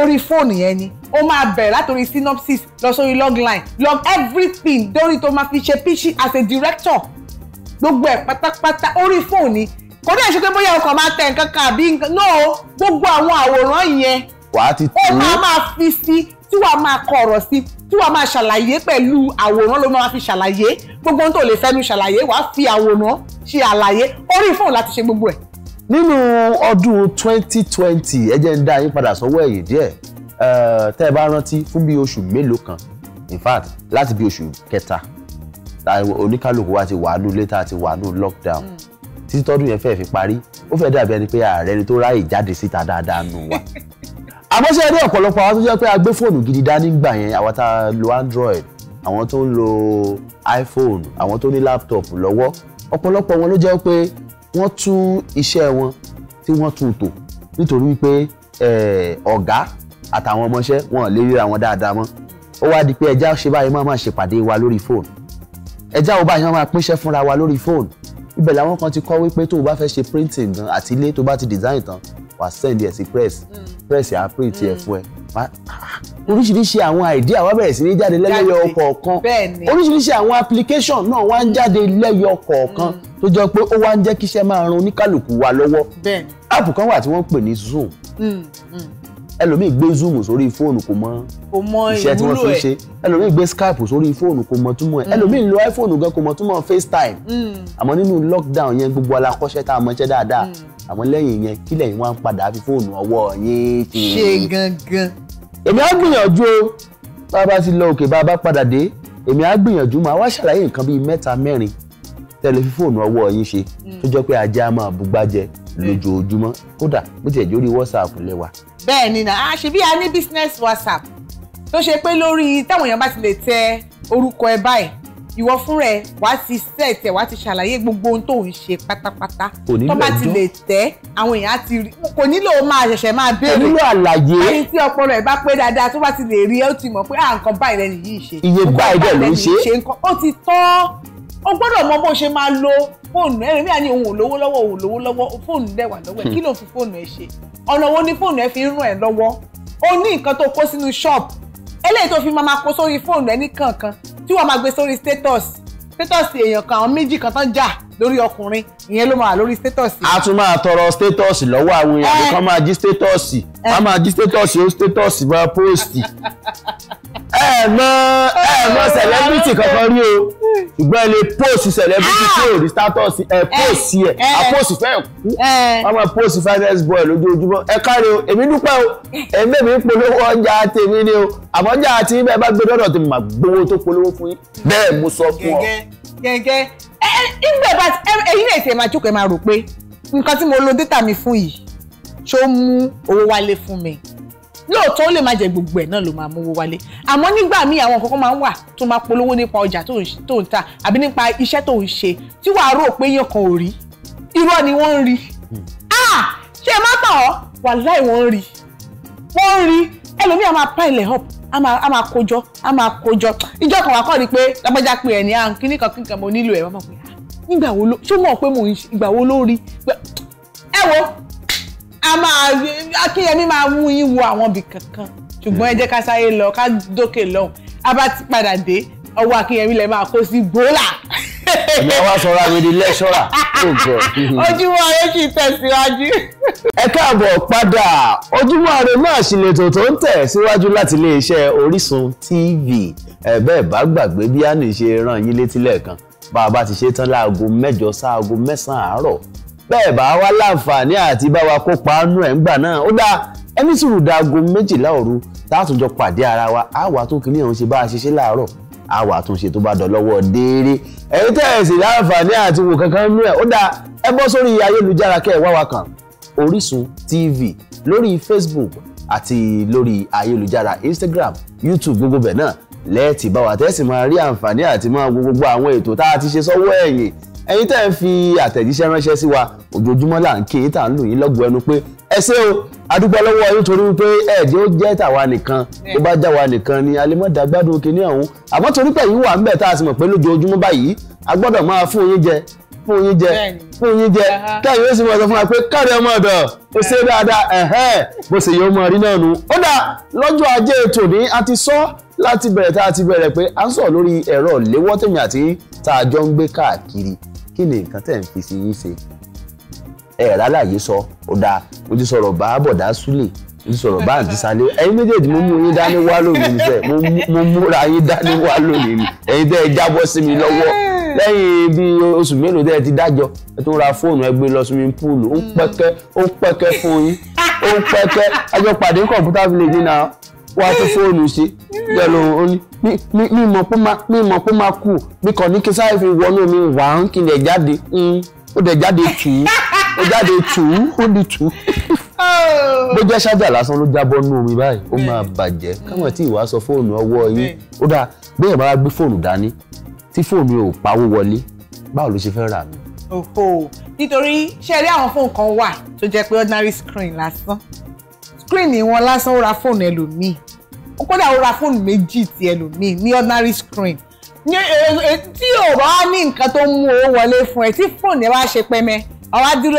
orí fóònù yẹn ni ó máa bẹ̀rẹ̀ látòrí synopsis lọ sórí line. log everything dórí tó máa fi ṣe pitching as a director gbogbo ẹ̀ pátápátá orí fóònù ni kò dé ṣe pé bóyá ọkàn máa tẹ nǹkan kan àbí nǹkan náà gbogbo àwọn àwòrán yẹn wàá ti tún. ó máa máa fi sí tí wàá máa kọ ọ̀rọ̀ sí tí wàá máa ṣàlàyé pẹ̀lú àwòrán ló máa fi ṣàlàyé gbogbo ohun tó lè fẹ́nu ṣàlàyé wàá fi àwòrán ṣe àlàyé orí fóònù láti ṣe gbogbo ẹ̀. nínú ọdún 2020 ẹ jẹ́ ń dá yín padà sọ́wọ́ ẹ̀yìn díẹ̀ tẹ́ ẹ bá rántí fún bí oṣù mélòó kan in fact láti bí oṣù kẹta oníkálukú wa ti wà nù létà ti wà nù lockdown mm. títí tọ́dún yẹn fẹ́ẹ́ fi parí ó fẹ́ẹ́ dàbí ẹni pé ààrẹ ni tó ráàyè jáde síta dáadáa nù wa àmọ́ṣẹ́ rí ọ̀pọ̀lọpọ̀ àwọn tó jẹ́ pé a gbé fóònù gidi dání gbà yẹn àwọn tá a lo android àwọn tó ń lo iphone àwọn tó ní laptop lọ́wọ́ ọ̀pọ̀lọpọ̀ wọn ló jẹ́ pé wọ́n tún iṣẹ́ wọn tí wọ́n tún tò nítorí wípé ọ̀gá àtàwọn ọmọọṣẹ́ wọn lè ríra wọn dáadáa mọ́ ó wá di pé ẹja ṣe báyìí máa máa ṣèpàdé wa lórí fóònù ẹja ò báyìí máa pínṣẹ́ fúnra wa lórí fóònù ibẹ̀ làwọn kan ti kọ́ wípé tó o bá fẹ́ ṣe printing gan àti ilé tó bá ti design tán wà send ẹ̀ sí press mm. press á pè tiẹ̀ mm. fún ẹ oríṣiríṣi àwọn idea àwa bẹ̀rẹ̀ sí ní jáde lẹ́yọ kọ̀ọ̀kan oríṣiríṣi àwọn application náà wá ń mm. jáde lẹ́yọ kọ̀ọ̀kan tó jọ pé ó wá ń jẹ́ kí iṣẹ́ máa ran oníkálùkù wa lọ́wọ́ app kan wà tí wọ́n ń pè ní zoom ẹlòmíì gbé zoom sórí fóònù kò mọ iṣẹ́ tí wọ́n fi ń ṣe ẹlòmíì gbé skype sórí fóònù kò mọ túmọ̀ ẹ̀ ẹlòmíì lo iphone gan kò mọ túmọ̀ facetime àmọ́ nínú lockdown yẹn gbogbo alákọ́ṣẹ́ tá a mọṣẹ́ dáadáa àmọ́ lẹ́yìn yẹn kí lẹ́yìn wá ń padà fi fóònù ọwọ́ yín ti. ṣe gangan. èmi á gbìyànjú o bá a bá ti lọ òkè bá a bá padà dé èmi á gbìyànjú máa wá ṣàlàyé nǹkan bíi mẹ́ta mẹ́rin tẹ́lẹ̀ fi fóònù ọwọ́ yín ṣe hmm. tó jẹ́ pé ajá máa bugbájẹ hmm. lójoojúmọ́ kódà bó tiẹ̀ jórí whatsapp lẹ́wà. bẹ́ẹ̀ ni na a ṣe bí a ní business whatsapp tó ṣe pé lórí táwọn èèyàn bá ti lè tẹ orúkọ ẹ báyìí ìwọ fúnra ẹ wàá ti set ẹ wàá ti ṣàlàyé gbogbo ohun tó ń ṣe pátápátá tó bá ti lè tẹ àwọn èèyàn ti rí kò nílò máa ṣẹ̀ṣẹ̀ máa béèrè kò nílò àlàyé ẹni tí ọpọlọ ẹ bá pé dáadáa tó bá ti lè rí ẹ ó ti mọ̀ pé à nǹkan báyìí lẹni yìí ṣe iye báyìí dẹ̀ ló ń ṣe ó ti tọ́ o gbọ́dọ̀ mọ bó ṣe máa lo fóònù ẹ̀rìn mìíràn ní òun ò lówó lọ́wọ́ ò lówó lọ́wọ́ fóònù dẹ̀ wà lọ́wọ́ ẹ̀ hmm. kí ló fi fóònù ẹ̀ ṣe ọ̀nà wo ni fóònù ẹ̀ fi ń ràn ẹ́ lọ́wọ́ o ní nǹkan tó kó sínú ṣọ́ọ̀bù eléyìí tó fi máa máa kó sórí fóònù ẹ̀ ní kankan tí wọ́n máa gbé sórí status status èèyàn kan àwọn méjì kan tán jà lórí ọkùnrin ìyẹn ló máa lórí status. a tún máa tọrọ status lọ́wọ́ àwọn èèyàn àbí máa jí status ká máa jí status ó status máa post. ẹ ẹ mọ ẹ mọ celebrity kankan rí o ṣùgbọ́n ẹ post celebrity tí ò rí status ẹ post ẹ a post fẹ́ kú wọ́n máa post finance boy lójoojúmọ́ ẹ káre o èmi dúpẹ́ o èmi èmi polówó ọjà tèmi ni o àmọ́jà àti bẹ́ẹ̀ bá gbé dọ́dọ̀ tèmi mà gbowó tó polówó fún yín bẹ́ẹ̀ mo sọ fún ọ. gẹ́gẹ́ gẹ́gẹ́ ìgbà bá ẹ̀yin lè ṣe máa jókòó ẹ máa rò pé nǹkan tí mo lo data mi fún yìí ṣó mú owó wálé fún mi lóòótọ́ ó lè má jẹ gbogbo ẹ̀ náà ló máa mówó wálé àmọ́ nígbà míì àwọn kankan máa ń wà tó máa polówó nípa ọjà tó ń ta àbí nípa iṣẹ́ tó ń ṣe tí wàá rò pé èèyàn kan ò rí irọ́ ni wọ́n ń rí hmm. ah! ṣé ẹ má tàn ọ́ wàláì wọ́n ń rí wọ́n a máa pile up a máa kójọ a máa kójọ ìjọ kan wà kọ́ ni pé lágbájá pé ẹ̀ ní àrùn ah, kíníkan kíníkan mo nílò ẹ̀ wọ́n mọ̀ pé nígbà wo ló ṣó mọ̀ pé mò ń ìgbà wo ló rí ẹ wo a máa akínyẹmí máa mú yín wo àwọn ibì kankan ṣùgbọ́n ẹ jẹ́ ká sáyé lọ ká dókè lọ́hùn a bá ti padà dé ọwọ́ akínyẹmí lẹ máa kó sí gbólà. ìyá wa sọra wèrè lẹ́ṣọ́ra. Oh ojúmọ́ ire kì í tẹ̀síwájú. ẹ káàbọ̀ padà ojúmọ́ ire náà sì lè tò tó ń tẹ̀ síwájú láti iléeṣẹ́ Orísun TV ẹ bẹ́ẹ̀ bá gbàgbé bí a nì ṣe rán yín létí lẹ́ẹ̀kan bá a ti ṣe tán láago mẹ́jọ sáago mẹ́sàn-án àárọ̀ bẹ́ẹ̀ bá wá láǹfààní àti bá wa kópa nú ẹ̀ ńgbà náà ó dáa ẹni sùúrù dáago méjìlá òru tààtúnjọ pàdé ara wa àwa tó kìíní ọ̀hún ṣe bá a ṣiṣẹ́ láàárọ̀ àwa àtúnṣe tó bá dọ̀lọ́wọ́ déédéé ẹ̀yin tẹ́ ẹ̀ sì láǹfààní àti wò kankan nú ẹ̀ ó dáa ẹ bọ́ sórí ayélujára kẹ́ ẹ̀ wá wa kàn Orísun TV lórí Facebook àti lórí ayélujára Instagram YouTube gbogbo bẹ̀ náà lẹ́ẹ̀tì bá wa tẹ́sí máa rí àǹfààní àti máa wo gbogbo àwọn ètò tá a ti ṣe sọ́wọ́ ẹ̀yìn ẹ̀yin tẹ́ ń fi àtẹ̀jíṣẹ́ ránṣẹ́ sí wa ojoojúmọ́ là ń kí yín tà ń lù yín lọ́gọ̀ọ́ ẹnu pé ẹ ṣé o adúgbò lọ́wọ́ yín torí wípé ẹ̀ẹ́dì ó jẹ́ tàwa nìkan tó bá já wa nìkan ni a lè mọ́ dàgbádùn kínní ọ̀hún àmọ́ torí pé yín wà ń bẹ̀ tá a sì mọ̀ pé lójoojúmọ́ báyìí a máa fún yín jẹ fún yín jẹ fún yín jẹ kẹ́yìn ó sì mọ̀ sọ fún wa pé káre ọmọ ọ̀dọ̀ ó ṣe dáadáa ẹ̀hẹ́ bó ṣe yóò mọ rí náà nu. ó dà lọ́jọ́ ajé ètò ní a ti sọ láti bẹ̀rẹ̀ tá a ti bẹ̀rẹ̀ pé à ń sọ̀rọ̀ lórí ẹ̀rọ léwọ́ tèmi àti tá a jọ ń gbé káàkiri kí ni nǹkan tẹ̀ ń fi sí yín ṣe. ẹ ẹ̀ lálàyé sọ ó dáa mo ti sọ̀rọ̀ bá bọ̀dá súlè mo ti sọ̀rọ̀ bá àǹtí sálé ẹ̀yin méjèèjì mo mú yín dání wá lónìí níṣẹ́ mo múra yín dání wá lónìí ẹ̀yin tẹ́ ẹ jábọ́ sí mi lọ́wọ́ lẹ́yìn bí oṣù mélòó tẹ́ ẹ ti dájọ́ ẹ tó ra fóònù ẹ gbé lọ swimming pool ó ń mm. pẹ́kẹ́ ó ń pẹ́kẹ́ fún yín ó ń pẹ́kẹ́ ẹjọ pàdé kọ̀ǹpútà village náà wá tó fóònù ṣe yẹlò òní mi mọ̀ pé máa mi mọ̀ pé máa kú mi kàn ní kí sáré fi wọnú mi wà ń kí n lè jáde mm. ó dẹ̀ jáde tù ú ó jáde tù ú ó di tù ú oh. bó jẹ́ ṣájà lásán ló jábọ́ nú omi báyìí ó máa mm. bàjẹ́ káwọn tí ìwà sọ fóònù ọwọ́ yín ó dáa bẹ́ẹ̀ bá gbé fóònù dání tí fóònù mi ò pawó wọlé báwo ló ṣe fẹ́ rà mí. òhò nítorí ṣe rí àwọn fóònù kan wà tó jẹ́ pé ordinary screen lásán screen wọn lásán ó ra fóònù ẹlòmíì ó kódà ó ra fóònù méjì ti ẹlòmíì ní ordinary screen ní eh, eh, tí ò bá ní nǹkan tó ń mú owó wọlé fún ẹ tí fóònù ẹ bá ṣe pẹ́mẹ́ àwa dúró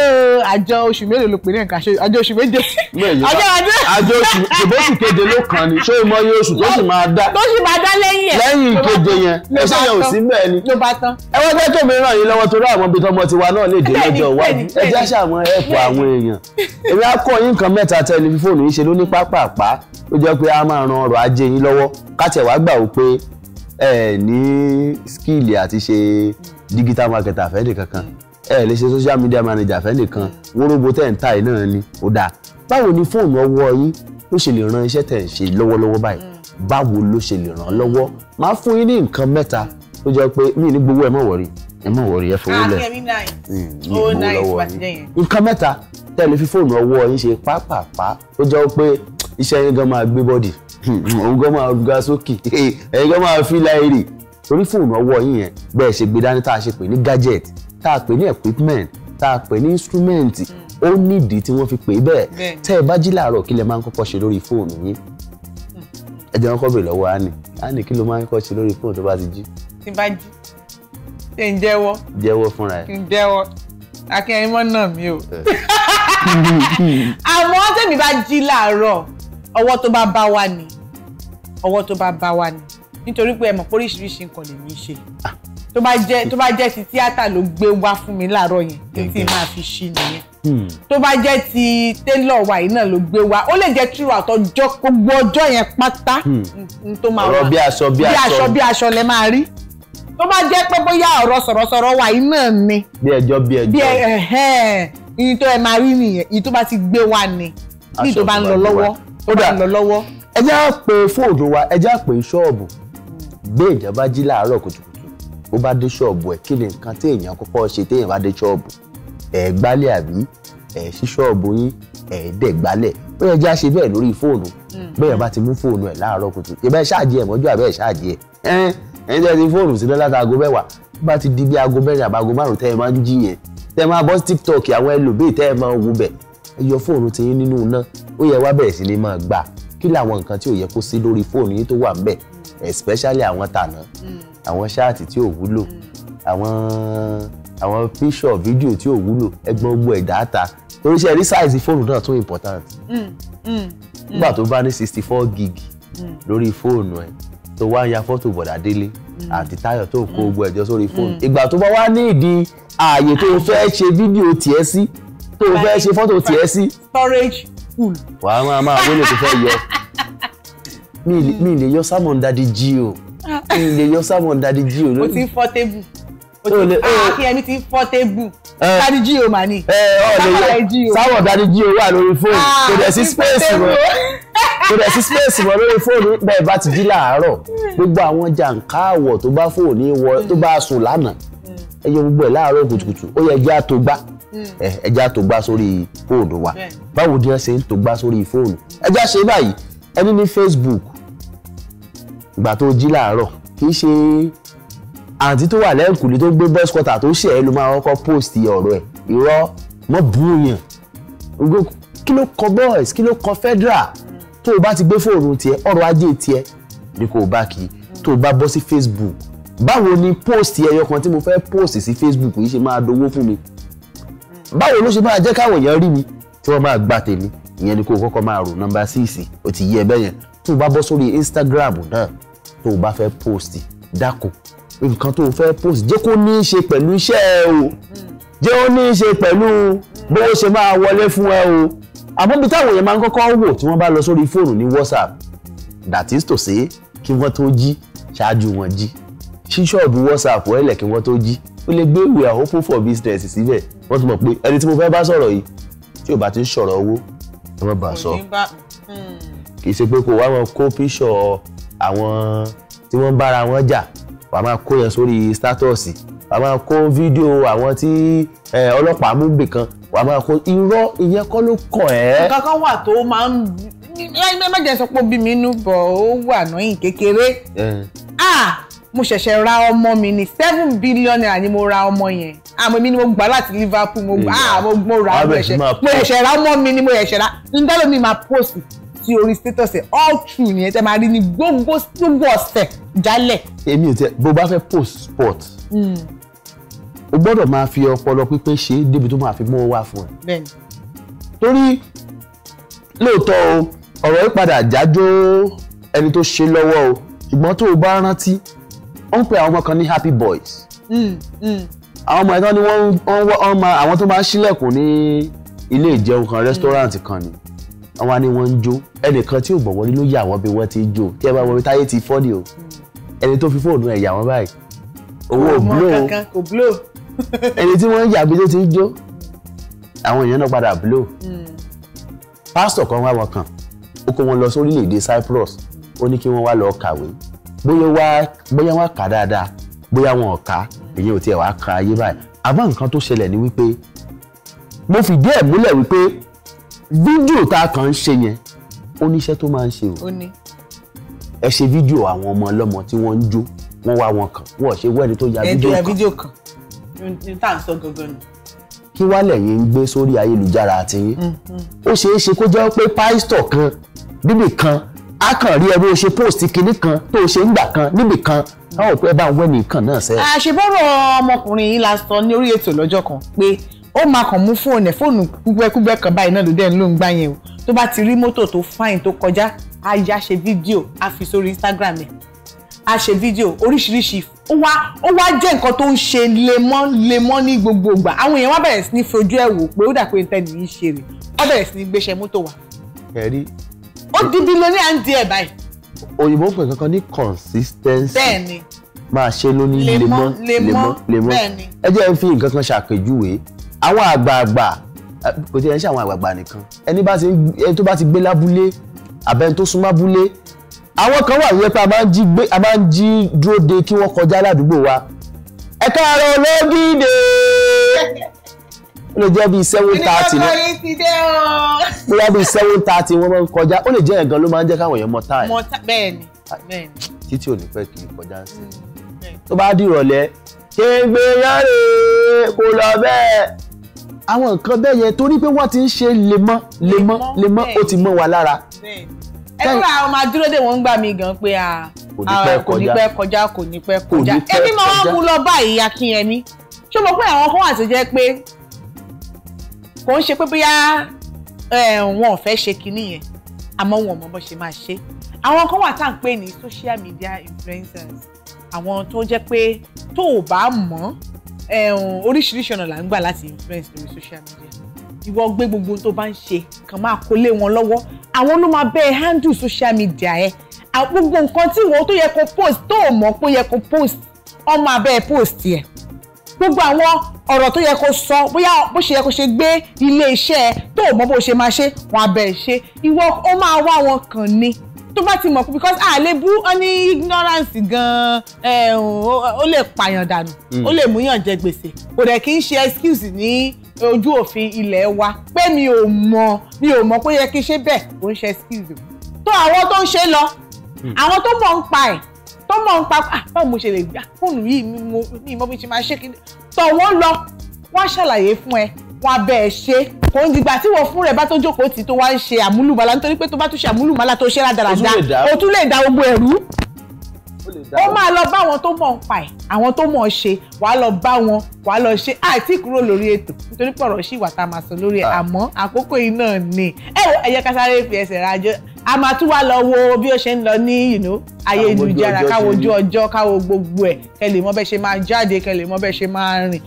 àjọ oṣù mélòó ló pè ní nǹkan àjọ oṣù méje àjọ àjọ àjọ oṣù ṣùgbọ́n oṣù keje ló kàn ní ṣé ìmọ̀ iye oṣù tó sì máa dá tó sì máa dá lẹ́yìn ẹ̀ lẹ́yìn keje yẹn ẹṣẹ́ yẹn ò sí bẹ́ẹ̀ ni ló bá tán. ẹ wọ́n fẹ́ tóbi ràn yín lọ́wọ́ torí àwọn ibi tọmọ tiwa náà lè dé lọ́jọ́ iwájú ẹ jẹ́ ṣàmọ́ ẹ̀pọ̀ àwọn èèyàn èmi á kọ́ yín nǹkan mẹ́ta tẹlifífóònù yín ṣe ló ní pápápá ó jẹ́ pé a máa ran ọrọ̀ ajé yín lọ́wọ́ kátẹ̀wá gbà ó pé ẹ ní skíìlì àti ṣe digital marketer fẹ́ẹ́ nìkankan ẹ lè ṣe social media manager fẹ́nìkan wórógbó tẹ̀ ń ta yìí náà ni ó dáa báwo ni fóònù ọwọ́ yín ló ṣe lè ran iṣẹ́ tẹ̀ ń ṣe lọ́wọ́lọ́wọ́ báyìí mm. báwo ló ṣe lè ràn án lọ́wọ́ máa fún yín ní nǹkan mẹ́ta tó jẹ́ pé mí ní gbowó ẹ má wọ̀rí ẹ má wọ̀rí ẹ fowó lẹ̀ ah, mm, oh, nǹkan mẹ́ta tẹ́ lè fi fóònù ọwọ́ yín ṣe pápápá tó jẹ́ pé iṣẹ́ yín gan máa gbé bọ́dì hmm, òun gan máa ga sókè ẹ̀yin gan máa fi láìrì torí fóònù ọwọ́ yín yẹn bẹ́ẹ̀ ṣe gbé dání tá a ṣe pè ní gadget tá a pè ní equipment tá a pè ní instrument ó nídìí tí wọ́n fi pè bẹ́ẹ̀ tẹ́ ẹ bá jí làárọ̀ kí lẹ máa ń kọ́kọ́ ṣe lórí fóònù yín hmm. ẹ jẹ́ wọn kọ́ bèrè lọ́wọ́ Annie Annie kí ló máa ń kọ́ ṣe lórí fóònù tó bá ti jí. tí bá jí ṣe ń jẹ́wọ́. jẹ́wọ́ fúnra ẹ̀. ń jẹ́wọ́ akẹ́yìn mọ́ náà mi o. Eh. àmọ́ tèmi bá jí làárọ̀ ọwọ́ tó bá bá wa ni ọwọ́ tó bá bá wa ni nítorí pé ẹ mọ̀ pé oríṣiríṣi nǹkan lèmi ṣe ah, tó bá jẹ́ tó bá jẹ́ ti tíátà ló gbé wá fún mi láàárọ̀ yẹn tí màá fi ṣí nìyẹn hmm. tó bá jẹ́ ti télọ̀ wà yìí náà ló gbé wá ó lè jẹ́ tíru àtọjọ́ gbogbo ọjọ́ yẹn pátá hmm. tó máa wà bí aṣọ bí aṣọ bí aṣọ lẹ máa rí tó bá jẹ́ pé bóyá ọ̀rọ̀ sọ̀rọ̀sọ̀rọ̀ wà yìí náà ni bí ẹjọ́ bí ẹjọ́ bí ẹhẹn iye tó ẹ máa rí nìyẹn iye tó bá ti gbé wá ni bí tó bá ń lọ lọ́wọ́ tó bá ń lọ lọ́wọ́. ẹ jẹ́ àpè fóònù wa ẹ jẹ́ àpè ṣọ́ọ̀bù gbé ìjọba jí láàárọ̀ kùtùkùtù bó bá dé ṣọ́ọ̀bù ẹ̀ kí ni nǹkan téèyàn kọ́kọ́ ṣe téèyàn bá dé ṣọ́ọ̀bù ẹ̀ gbálẹ̀ àbí ẹ̀ ṣí ṣọ́ọ̀bù yín ẹ̀ dẹ̀ gbálẹ̀ ó yẹ jẹ́ àṣe bẹ́ẹ̀ lórí fóònù mm. bẹ́ẹ̀ bá ti mú fóònù ẹ̀ láàárọ̀ kùtù ìbẹ́ ṣáàjì ẹ̀ mọ́jú àbẹ́ ṣáàjì ẹ̀ ẹ̀ ẹ̀ tẹ́ ti fóònù sílẹ̀ láti aago mẹ́wàá bá ti di bí aago mẹ́rin àbáago márùn tẹ́ ẹ máa ń jí yẹn tẹ́ ẹ máa bọ́ tiktok àwọn ẹlòmíì tẹ́ ẹ máa ń wo bẹ̀ ẹ yọ fóònù ti yín nínú iná ó yẹ wá bẹ̀rẹ̀ sí ni máa gbà kí làwọn nǹkan tí ò yẹ kó sí lórí fóònù yín tó wà ń bẹ̀ especially àwọn tàná mm àwọn ṣáàtì tí ò wúlò àwọn àwọn píṣọ fídíò tí ò wúlò ẹgbọn gbogbo ẹ dáta torí ṣe rí size fóònù náà tún important mm, mm, mm. nígbà tó bá ní sixty four gig lórí fóònù ẹ tó wá ń ya fọ́tò bọ̀dà délé àti táyọ̀ tó kó gbogbo ẹ̀jọ́ sórí fóònù ìgbà tó bá wá ní ìdí ààyè tó ah. fẹ́ ṣe fídíò tiẹ̀ sí tó fẹ́ ṣe fọ́tò tiẹ̀ sí. storage full. wàá máa máa wọlé tó fẹ́ yọ mi lè yọ sámọ̀ndá di jí o ìyè yọ sábọn dadi jí o lórí. o ti fọ́ tébù o ti ah, ti fọ́ tébù eh. dadi jí o mà ní. Eh, dadi jí o wà lórí fóònù ah, kò dẹ̀ sí space mọ́ kò dẹ̀ sí space mọ́ lórí fóònù bẹ́ẹ̀ bá ti jí làárọ̀ gbogbo àwọn jàǹká àwọ̀ tó bá fóònù wọ tó bá sùn lánàá ẹ gbogbo ẹ̀ láàárọ̀ kùtùkùtù ó yẹ hmm. eh, jẹ́ àtògbá ẹja tó sórí fóònù wa báwo ni wọn ṣe ń tó sórí fóònù ẹja ṣe báyìí ẹni ní Facebook ìgbà tó jí làárọ̀ kì í ṣe àǹtí tó wà lẹ́ǹkùlé tó gbé bus quarter tó ṣe ẹ́ ló máa kọ́kọ́ post ọ̀rọ̀ ẹ̀ irọ́ mọ́ búyàn kí ló kọ boys kí ló kọ federal tó o bá ti gbé fóònù tiẹ̀ ọrọ̀ ajé tiẹ̀ ni kò bá kí tó o bá bọ́ sí Facebook báwo ni post ẹyọ kan tí mo fẹ́ post sí Facebook yìí ṣe máa dowó fún mi báwo ló ṣe máa jẹ́ káwọn èèyàn rí mi tí wọ́n máa gba tèmi ìyẹn ni kó o kọ́kọ́ máa rò nọ́mbà síìsì ó ti yí ẹ bẹ́yẹn tó o bá bọ́ sórí Instagram náà tó o bá fẹ́ post dákun nǹkan tó o fẹ́ post jẹ́ kó ní í ṣe pẹ̀lú iṣẹ́ ẹ o jẹ́ ó ní í ṣe pẹ̀lú bó o ṣe máa wọlé fún ẹ o àmọ́ táwọn èèyàn máa ń kọ́kọ́ wò tí wọ́n bá lọ sórí fóònù ní WhatsApp that is to say kí wọ́n tó jí ṣáájú wọn jí ṣíṣọ́ọ̀bù WhatsApp ẹ̀lẹ̀ kí wọ́n tó jí ó lè gbé ìwé àhópò for business síbẹ̀ wọ́n ti mọ̀ pé ẹni tí mo fẹ́ bá sọ̀rọ̀ yìí tí ò bá ti ń sọ̀rọ̀ owó ẹ má bàa sọ hmm. kì í ṣe pé kò wá wọn kó píṣọ̀ àwọn tí wọ́n bára wọn jà wàá máa kó yẹn sórí státọ̀sì wàá máa kó fídíò àwọn tí ọlọ́pàá mú bìkan wàá máa kó irọ́ ìyẹn kọ́ ló kàn ẹ́. nǹkan kan wà tó máa ń láì má jẹ́ sọ pé bí mi inú bọ̀ ó wà náyìn kékeré mo ṣẹ̀ṣẹ̀ ra ọmọ mi ní seven billion naira ni mo ra ọmọ yẹn àmọ́ èmi ni mo gbà láti Liverpool mo gbà mo ra ọmọ ẹ̀ṣẹ̀ mo ṣẹ̀ṣẹ̀ ra ọmọ mi ni mo ṣẹ̀ṣẹ̀ ra ndọ́lómi máa post sí orí status ẹ̀ all true nìyẹn tẹ́ máa rí ní gbogbo gbogbo ọ̀sẹ̀ jálẹ̀. èmi ò tẹ bó bá fẹ́ post sport hmm. o gbọ́dọ̀ máa fi ọpọlọ pípé ṣe é débi tó máa fi mọ́ wá fún ẹ. torí lóòótọ́ o ọ̀rọ̀ yìí padà jájó ẹni tó ṣe lọ́wọ́ o ṣùgbọ́n tó o bá rántí ó ń pe àwọn ọmọ kan ní happy boys. Hmm, hmm. àwọn ọmọ ẹ̀ka ni wọ́n ń wọ́n ọmọ àwọn tó máa ń ṣílẹ̀kùn ní ilé ìjẹun kan rẹ́sítọ́ráǹtì kan ni àwa ni wọ́n ń jó ẹnìkan tí ò bọ̀ wọlé ló yà wọ́n bí wọ́n ti ń jó tí ẹ bá wọlé táyé ti fọ́ ni o ẹni tó fi fóònù ẹ̀ yà wọ́n báyìí owó ò blow ẹni tí wọ́n ń yà bí tó ti ń jó àwọn èèyàn náà padà blow hmm. pásítọ̀ kan wá wọn kan ó kó wọn lọ sórílẹ̀-èdè Cyprus ó ní kí wọ́n wá lọ kàwé bóyá wá bóyá wá kà dáadáa bóyá wọn ò kà èyàn ò tiẹ̀ wá ka ayé báyìí àmọ́ nǹkan tó ṣẹlẹ̀ ni wípé mo fìdí ẹ̀ múlẹ̀ wípé fídíò tá a kàn ń ṣe yẹn ó níṣẹ́ tó máa ń ṣe o ẹ ṣe fídíò àwọn ọmọ ọlọ́mọ tí wọ́n ń jó wọ́n wá wọn kàn wọ́n ṣe wẹ́ni tó ya fídíò kan tá à ń sọ gangan ni. kí wá lẹ́yìn ń gbé sórí ayélujára àti yín mm-hmm. ó ṣeé ṣe kó jẹ́ pé pásítọ̀ kan níbì kan á kàn rí ẹrú ṣe post kinní kan tó ṣe ń gbà kan níbì kan táwọn òpin ẹ bá ń wẹ́ nìkan náà sẹ́yìn. àṣebọ́rọ̀ ọmọkùnrin yìí la sọ ní orí ètò lọ́jọ́ kan pé ó máa kàn mú fóònù ẹ̀ fóònù kúgbẹ́kúgbẹ́ kan báyìí náà ló dẹ̀ ń ló ń gbá yẹn o tó bá ti rí mọ́tò tó fáìn tó kọjá á yá ṣe fídíò á fi sórí Instagram ẹ̀ á ṣe fídíò oríṣiríṣi ó wá ó wá jẹ́ nǹkan tó ń ṣe lemọ́ lemọ́ ní gbogbo ìgbà àwọn èèyàn wá bẹ̀rẹ̀ sí ní fojú ẹ̀ wò pé ó dà pé n tẹ́lẹ̀ yìí ṣe rè wọ́n bẹ̀rẹ̀ sí ní gbéṣẹ́ mọ́tò wa. ẹ̀rí. ó di bílíọ̀nì à ń di ẹ̀ báyìí. òyìnbó pè kankan ní consistency. bẹ́ẹ̀ni. máa ṣe lóní lemọ́ lemọ́ lemọ́ bẹ́ẹ̀ni. ẹ jẹ́ n fi nǹkan kan ṣàpèjúwe àwọn àgbààgbà kò tí ẹ ń ṣe àwọn àgbààgbà nìkan ẹni tó bá ti gbé lábúlé àbẹ́ni tó súnmọ́ abúlé àwọn kan wà wípé a dúró de kí wọ́n kọjá ládùúgbò wa ẹ káàárọ̀ ológìdè ó lè jẹ́ bíi seven thirty ní ó lè bíi seven thirty wọ́n máa ń kọjá ó lè jẹ́ ẹ̀gan ló máa ń jẹ́ káwọn èèyàn mọ táì. mọ bẹ́ẹ̀ni bẹ́ẹ̀ni. Ah, títí ò ní pẹ́ kí n kọjá sí mm, i tó bá dìrọ̀lẹ́ kéńgbé yára kò lọ bẹ́ẹ̀ àwọn nǹkan bẹ́ẹ̀ yẹn torí pé wọ́n ti ń ṣe lemọ́ lemọ́ lemọ́ ó ti mọ́ wa lára. ẹnu àwọn máa dúró dé wọn ń gbà mí gan pé ah, kò ní ah, pẹ́ kọjá kò ní pẹ́ kọjá ẹbí máa wá mú lọ báyìí akínyẹmí ṣé mo pé àwọn kan wà tó jẹ́ pé kò ń ṣe pé bóyá eh, wọn ò fẹ́ ṣe kinní yẹn àmọ́ wọn ò mọ bó ṣe máa ṣe àwọn kan wà tá à ń pè ní social media influencers àwọn tó jẹ́ pé tó o bá mọ̀ oríṣiríṣi ọ̀nà là ń gbà láti influence lórí social media ìwọ gbé gbogbo tó bá ń ṣe kàn máa kó lé wọn lọ́wọ́ àwọn ló máa bẹ́ẹ̀ handle social media ẹ̀ gbogbo nǹkan tí ìwọ tó yẹ kó post tó o mọ̀ pé yẹ kó post ọ máa bẹ́ẹ̀ post yẹ gbogbo àwọn ọ̀rọ̀ tó yẹ kó sọ bóyá bó ṣe yẹ kó ṣe gbé ilé iṣẹ́ tó o mọ̀ bó ṣe máa ṣe wọn á bẹ́ẹ̀ ṣe ìwọ ó máa wá wọn kàn ni tó bá ti mọ̀ because a lè bú ọ ní ignorance gan-an eh, ó lè pààyàn dànù mm. ó lè múyàn jẹ gbèsè kò dẹ̀ kí n ṣe excuse ní ojú òfin ilé wa pé mi ò mọ̀ mi ò mọ̀ pé yẹ kí n ṣe bẹ́ẹ̀ kò ń ṣe excuse tó àwọn tó ń ṣe lọ hmm. àwọn tó mọ̀ ń pa ẹ̀ tó mọ̀ ń pa ah, báwo mo ṣe lè gbà ah, fóònù yìí mi mo mi mo fi ṣe máa ṣe kí tọ̀ wọ́n lọ wọ́n ṣàlàyé fún ẹ wọn abẹ́ ẹ̀ ṣe kò ń dìgbà tí wọ́n fún rẹ̀ bá tó jókòó tì tó wá ń ṣe àmúlùmọ́lá nítorí pé tó bá tún ṣe àmúlùmọ́lá tó ṣe rádaràda o tún lè da gbogbo ẹ̀rú ó máa lọ bá àwọn tó mọ̀ ń pa ẹ̀ àwọn tó mọ̀ ọ́ ṣe wà á lọ bá wọn wà á lọ ṣe àìtí kúrò lórí ètò nítorí pé ọ̀rọ̀ ṣì tá a máa sọ lórí ẹ̀ ah. àmọ́ àkókò yìí náà ni ẹ wo ẹ̀yẹ kásáré fi ẹsẹ̀ rájọ a máa tún wá lọ wo bí ó ṣe ń lọ ní ayélujára káwo ojú ọjọ́ káwo gbogbo ẹ̀ kẹ́ lè mọ̀ bẹ́ẹ̀ ṣe máa jáde kẹ́ lè bẹ́ẹ̀ ṣe máa rìn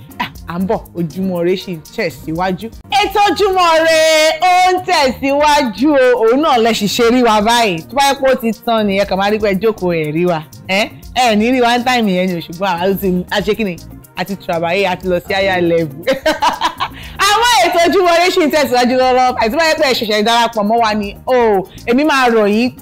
à ń bọ̀ ojúmọ́ ire ṣì ń tẹ̀síwájú. ètò ojúmọ́ ire ó ń tẹ̀síwájú o òun náà lẹ ṣiṣẹ́ rí wa báyìí tó bá yẹ kó ti tán ni ẹ kàn máa rí pé jókòó ẹ̀ rí wa ẹ ẹ ní rí one time yẹn ni o ṣùgbọ́n àwọn ti ṣe kí ni àti tùràbàyè àti lọ sí higher level àwọn ètò ojúmọ́ ire ṣì ń tẹ̀síwájú lọ́wọ́ àti báyẹ pé ẹ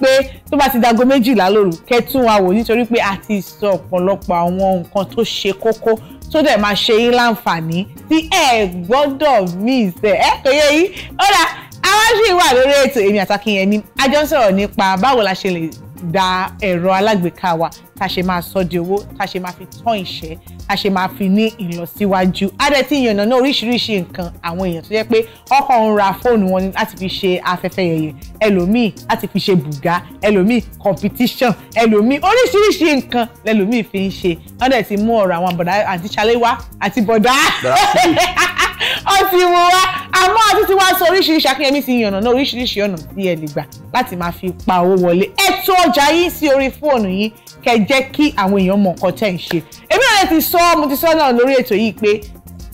pé tó bá ti dago méjìlá lóru kẹ́ wa wò nítorí pé a ti sọ ọ̀pọ̀lọpọ̀ àwọn nǹkan tó ṣe kókó tó dẹ̀ máa ṣe yín láǹfààní tí ẹ gbọ́dọ̀ miss ẹ kò yẹ yín ó dà àwọn sì wà lórí ètò èmi àtàkìyẹn ni a jọ ń sọ̀rọ̀ nípa báwo la ṣe lè da ẹ̀rọ alágbèéká wa tá a ṣe máa sọ di owó tá a ṣe máa fi tán ìṣẹ́ tá a ṣe máa fi ní ìlọsíwájú adẹ́tí ìyànnà náà oríṣiríṣi nǹkan àwọn èèyàn tó jẹ́ pé ọkàn ń ra fóònù wọn láti fi ṣe afẹ́fẹ́ yẹ̀yẹ̀ ẹlòmíì láti fi ṣe bùgá ẹlòmíì competition ẹlòmíì oríṣiríṣi nǹkan lẹlòmíì fi ń ṣe wọ́n dẹ̀ ti mú ọ̀rọ̀ àwọn bọ̀dá àti ṣalé wá àti bọ̀dá. ó ti wù wá àmọ́ àti tí wàá sọ oríṣiríṣi akínyẹmí ti yànnà náà oríṣiríṣi ọ̀nà tí ẹ lè gbà láti máa fi pa owó wọlé ẹ tó ọjà yín sí orí fóònù yín kẹ jẹ́ kí àwọn èèyàn mọ nǹkan tẹ́ ń ṣe èmi náà ti sọ mo ti sọ náà lórí ètò yìí pé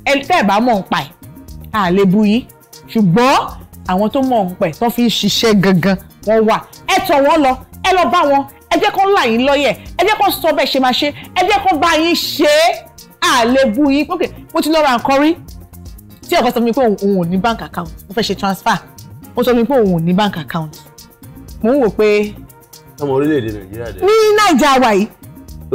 ẹ tẹ́ ẹ bá mọ̀ ń pa ẹ̀ à lè bu yín ṣùgbọ́n àwọn tó mọ̀ ń pẹ̀ tó fi ń ṣiṣẹ́ gangan wọ́n wà ẹ tọ̀ wọ́n lọ ẹ lọ bá wọn ẹ jẹ́ kó là yín lọ́yẹ̀ ẹ jẹ́ kó sọ bẹ́ẹ̀ ṣe máa ṣe ẹ jẹ́ kó bá yín ṣe é à lè bu yín pé mo ti lọ ra nǹkan rí tí ọ̀gá sọ fún mi pé òun ò ní bank account mo fẹ́ ṣe transfer ó sọ fún mi pé òun ò ní bank account mo ń wò pé. ọmọ orílẹ̀-èdè nàìjíríà dẹ̀. ní naija wa yìí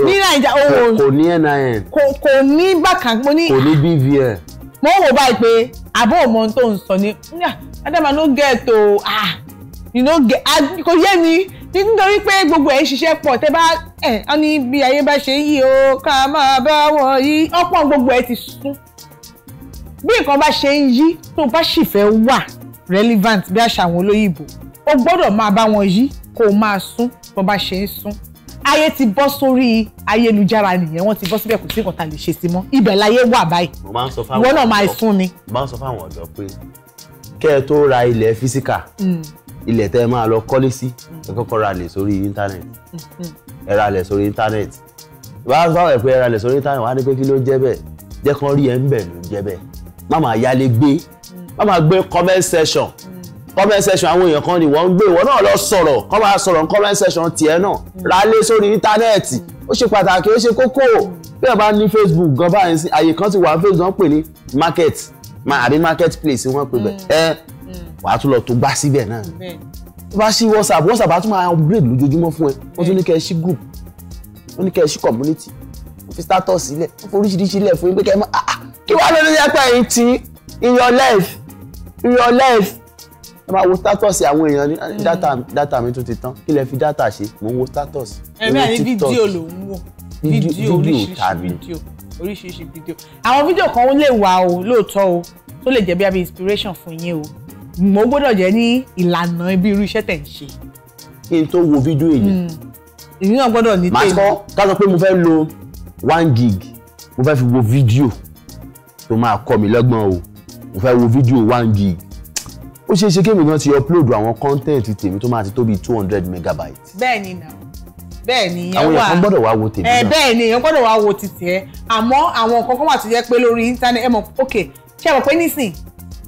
ní naija òun kò ní nin. kò kò ní bákan mo ní. kò ní bvn. mo ń wò báyìí pé àbọ̀ ọmọ tó ń sọ ní ah, adama no get o ah you no get ah, kò yé mi nítorí pé gbogbo ẹ̀ ń ṣiṣẹ́ pọ̀ tẹ́ bá ẹ̀ ọ́ ní bí ayé bá ṣe yí o ká máa bá wọn yí ọ̀pọ̀ gbogbo ẹ̀ ti sún bí nǹkan bá ṣe ń yí tó bá sì fẹ́ wà relevant bí àṣà àwọn olóyìnbó o gbọ́dọ̀ máa bá wọn yí kó o máa sún bó bá ṣe ń sún ayé ti bọ́ sórí ayélujára nìyẹn wọ́n ti bọ́ síbẹ̀ kò sí nǹkan tá a lè ṣe sí mọ́ ibẹ̀ láyé wà báyìí ìwọ náà máa sún ni. mo máa ń sọ fáwọn ọ̀dọ́ pé kẹ́ ẹ tó ra ilẹ̀ físíkà hmm. ilẹ̀ tẹ́ ẹ máa lọ kọ́lé sí hmm. ẹ kọ́kọ́ ra lẹ̀ sórí íńtánẹ̀tì hmm, ẹ ra lẹ̀ sórí íńtánẹ̀tì bá a sọ ẹ̀ pé ẹ ra lẹ̀ sórí íńtánẹ̀tì wá ní pé kí ló jẹ́ bẹ́ẹ̀ jẹ́ kán rí ẹ ń bẹ̀ ló jẹ́ bẹ́ẹ̀ má máa yálé gbé má máa gbé comment section comment section àwọn èèyàn kan ni wọ́n ń gbé ìwọ náà lọ sọ̀rọ̀ kọ́ máa sọ̀rọ̀ ní comment section tiẹ̀ náà rálé sórí íńtánẹ́ẹ̀tì ó ṣe pàtàkì ó ṣe kókó bí ẹ bá ní Facebook gan báyìí sí àyè kan ti wà Facebook pè ní market àbí market place wọ́n pè bẹ́ẹ̀ mm. ẹ mm. wàá tún lọ tó gbá síbẹ̀ náà mm, tó bá ṣí WhatsApp WhatsApp á tún máa upgrade lójoojúmọ́ fún ẹ wọ́n tún ní kẹ́ ẹ ṣí group wọ́n ní kẹ́ ẹ ṣí community fi status sílẹ̀ wọ́n fi oríṣiríṣi lẹ̀ fún yín pé kẹ́ ẹ mọ́ ah, ah kí wàá lóde ní ẹgbẹ́ yìí ti in your life in your life ẹ máa wo status àwọn èèyàn ní ah, data data mi tún ti tán kí lẹ fi data ṣe mò ń wo status. ẹ̀mí àní fídíò ló ń wò fídíò oríṣiríṣi fídíò oríṣiríṣi fídíò àwọn fídíò kan lè wà o lóòótọ́ o tó lè jẹ́ bí abẹ́ inspiration fún yín o mo gbọ́dọ̀ jẹ́ ní ìlànà ibi irú iṣẹ́ tẹ̀ ń ṣe. kí n tó wo fídíò yìí. ìyún hmm. náà gbọ́dọ̀ ní tèmi. màá kọ́ ká sọ pé mo fẹ́ lo one gig mo fẹ́ fi wo fídíò tó máa kọ́ mi lọ́gbọ́n o mo fẹ́ wo fídíò one gig ó ṣeé ṣe kémi gan ti upload àwọn kọ́ńtẹ́ǹtì tèmi tó máa ti tó bíi two hundred megabytes. bẹ́ẹ̀ni na bẹ́ẹ̀ni ìyẹn wà àwọn èèyàn kan gbọ́dọ̀ wá wo tèmi eh, náà. ẹ bẹ́ẹ̀ni èèyàn gbọ́dọ̀ wá wo ti tẹ àmọ́ àwọn nǹkan kan wà tó jẹ́ pé lórí íńtánẹ́ẹ̀tì ẹ mọ̀ ok ṣé ẹ pé nísìn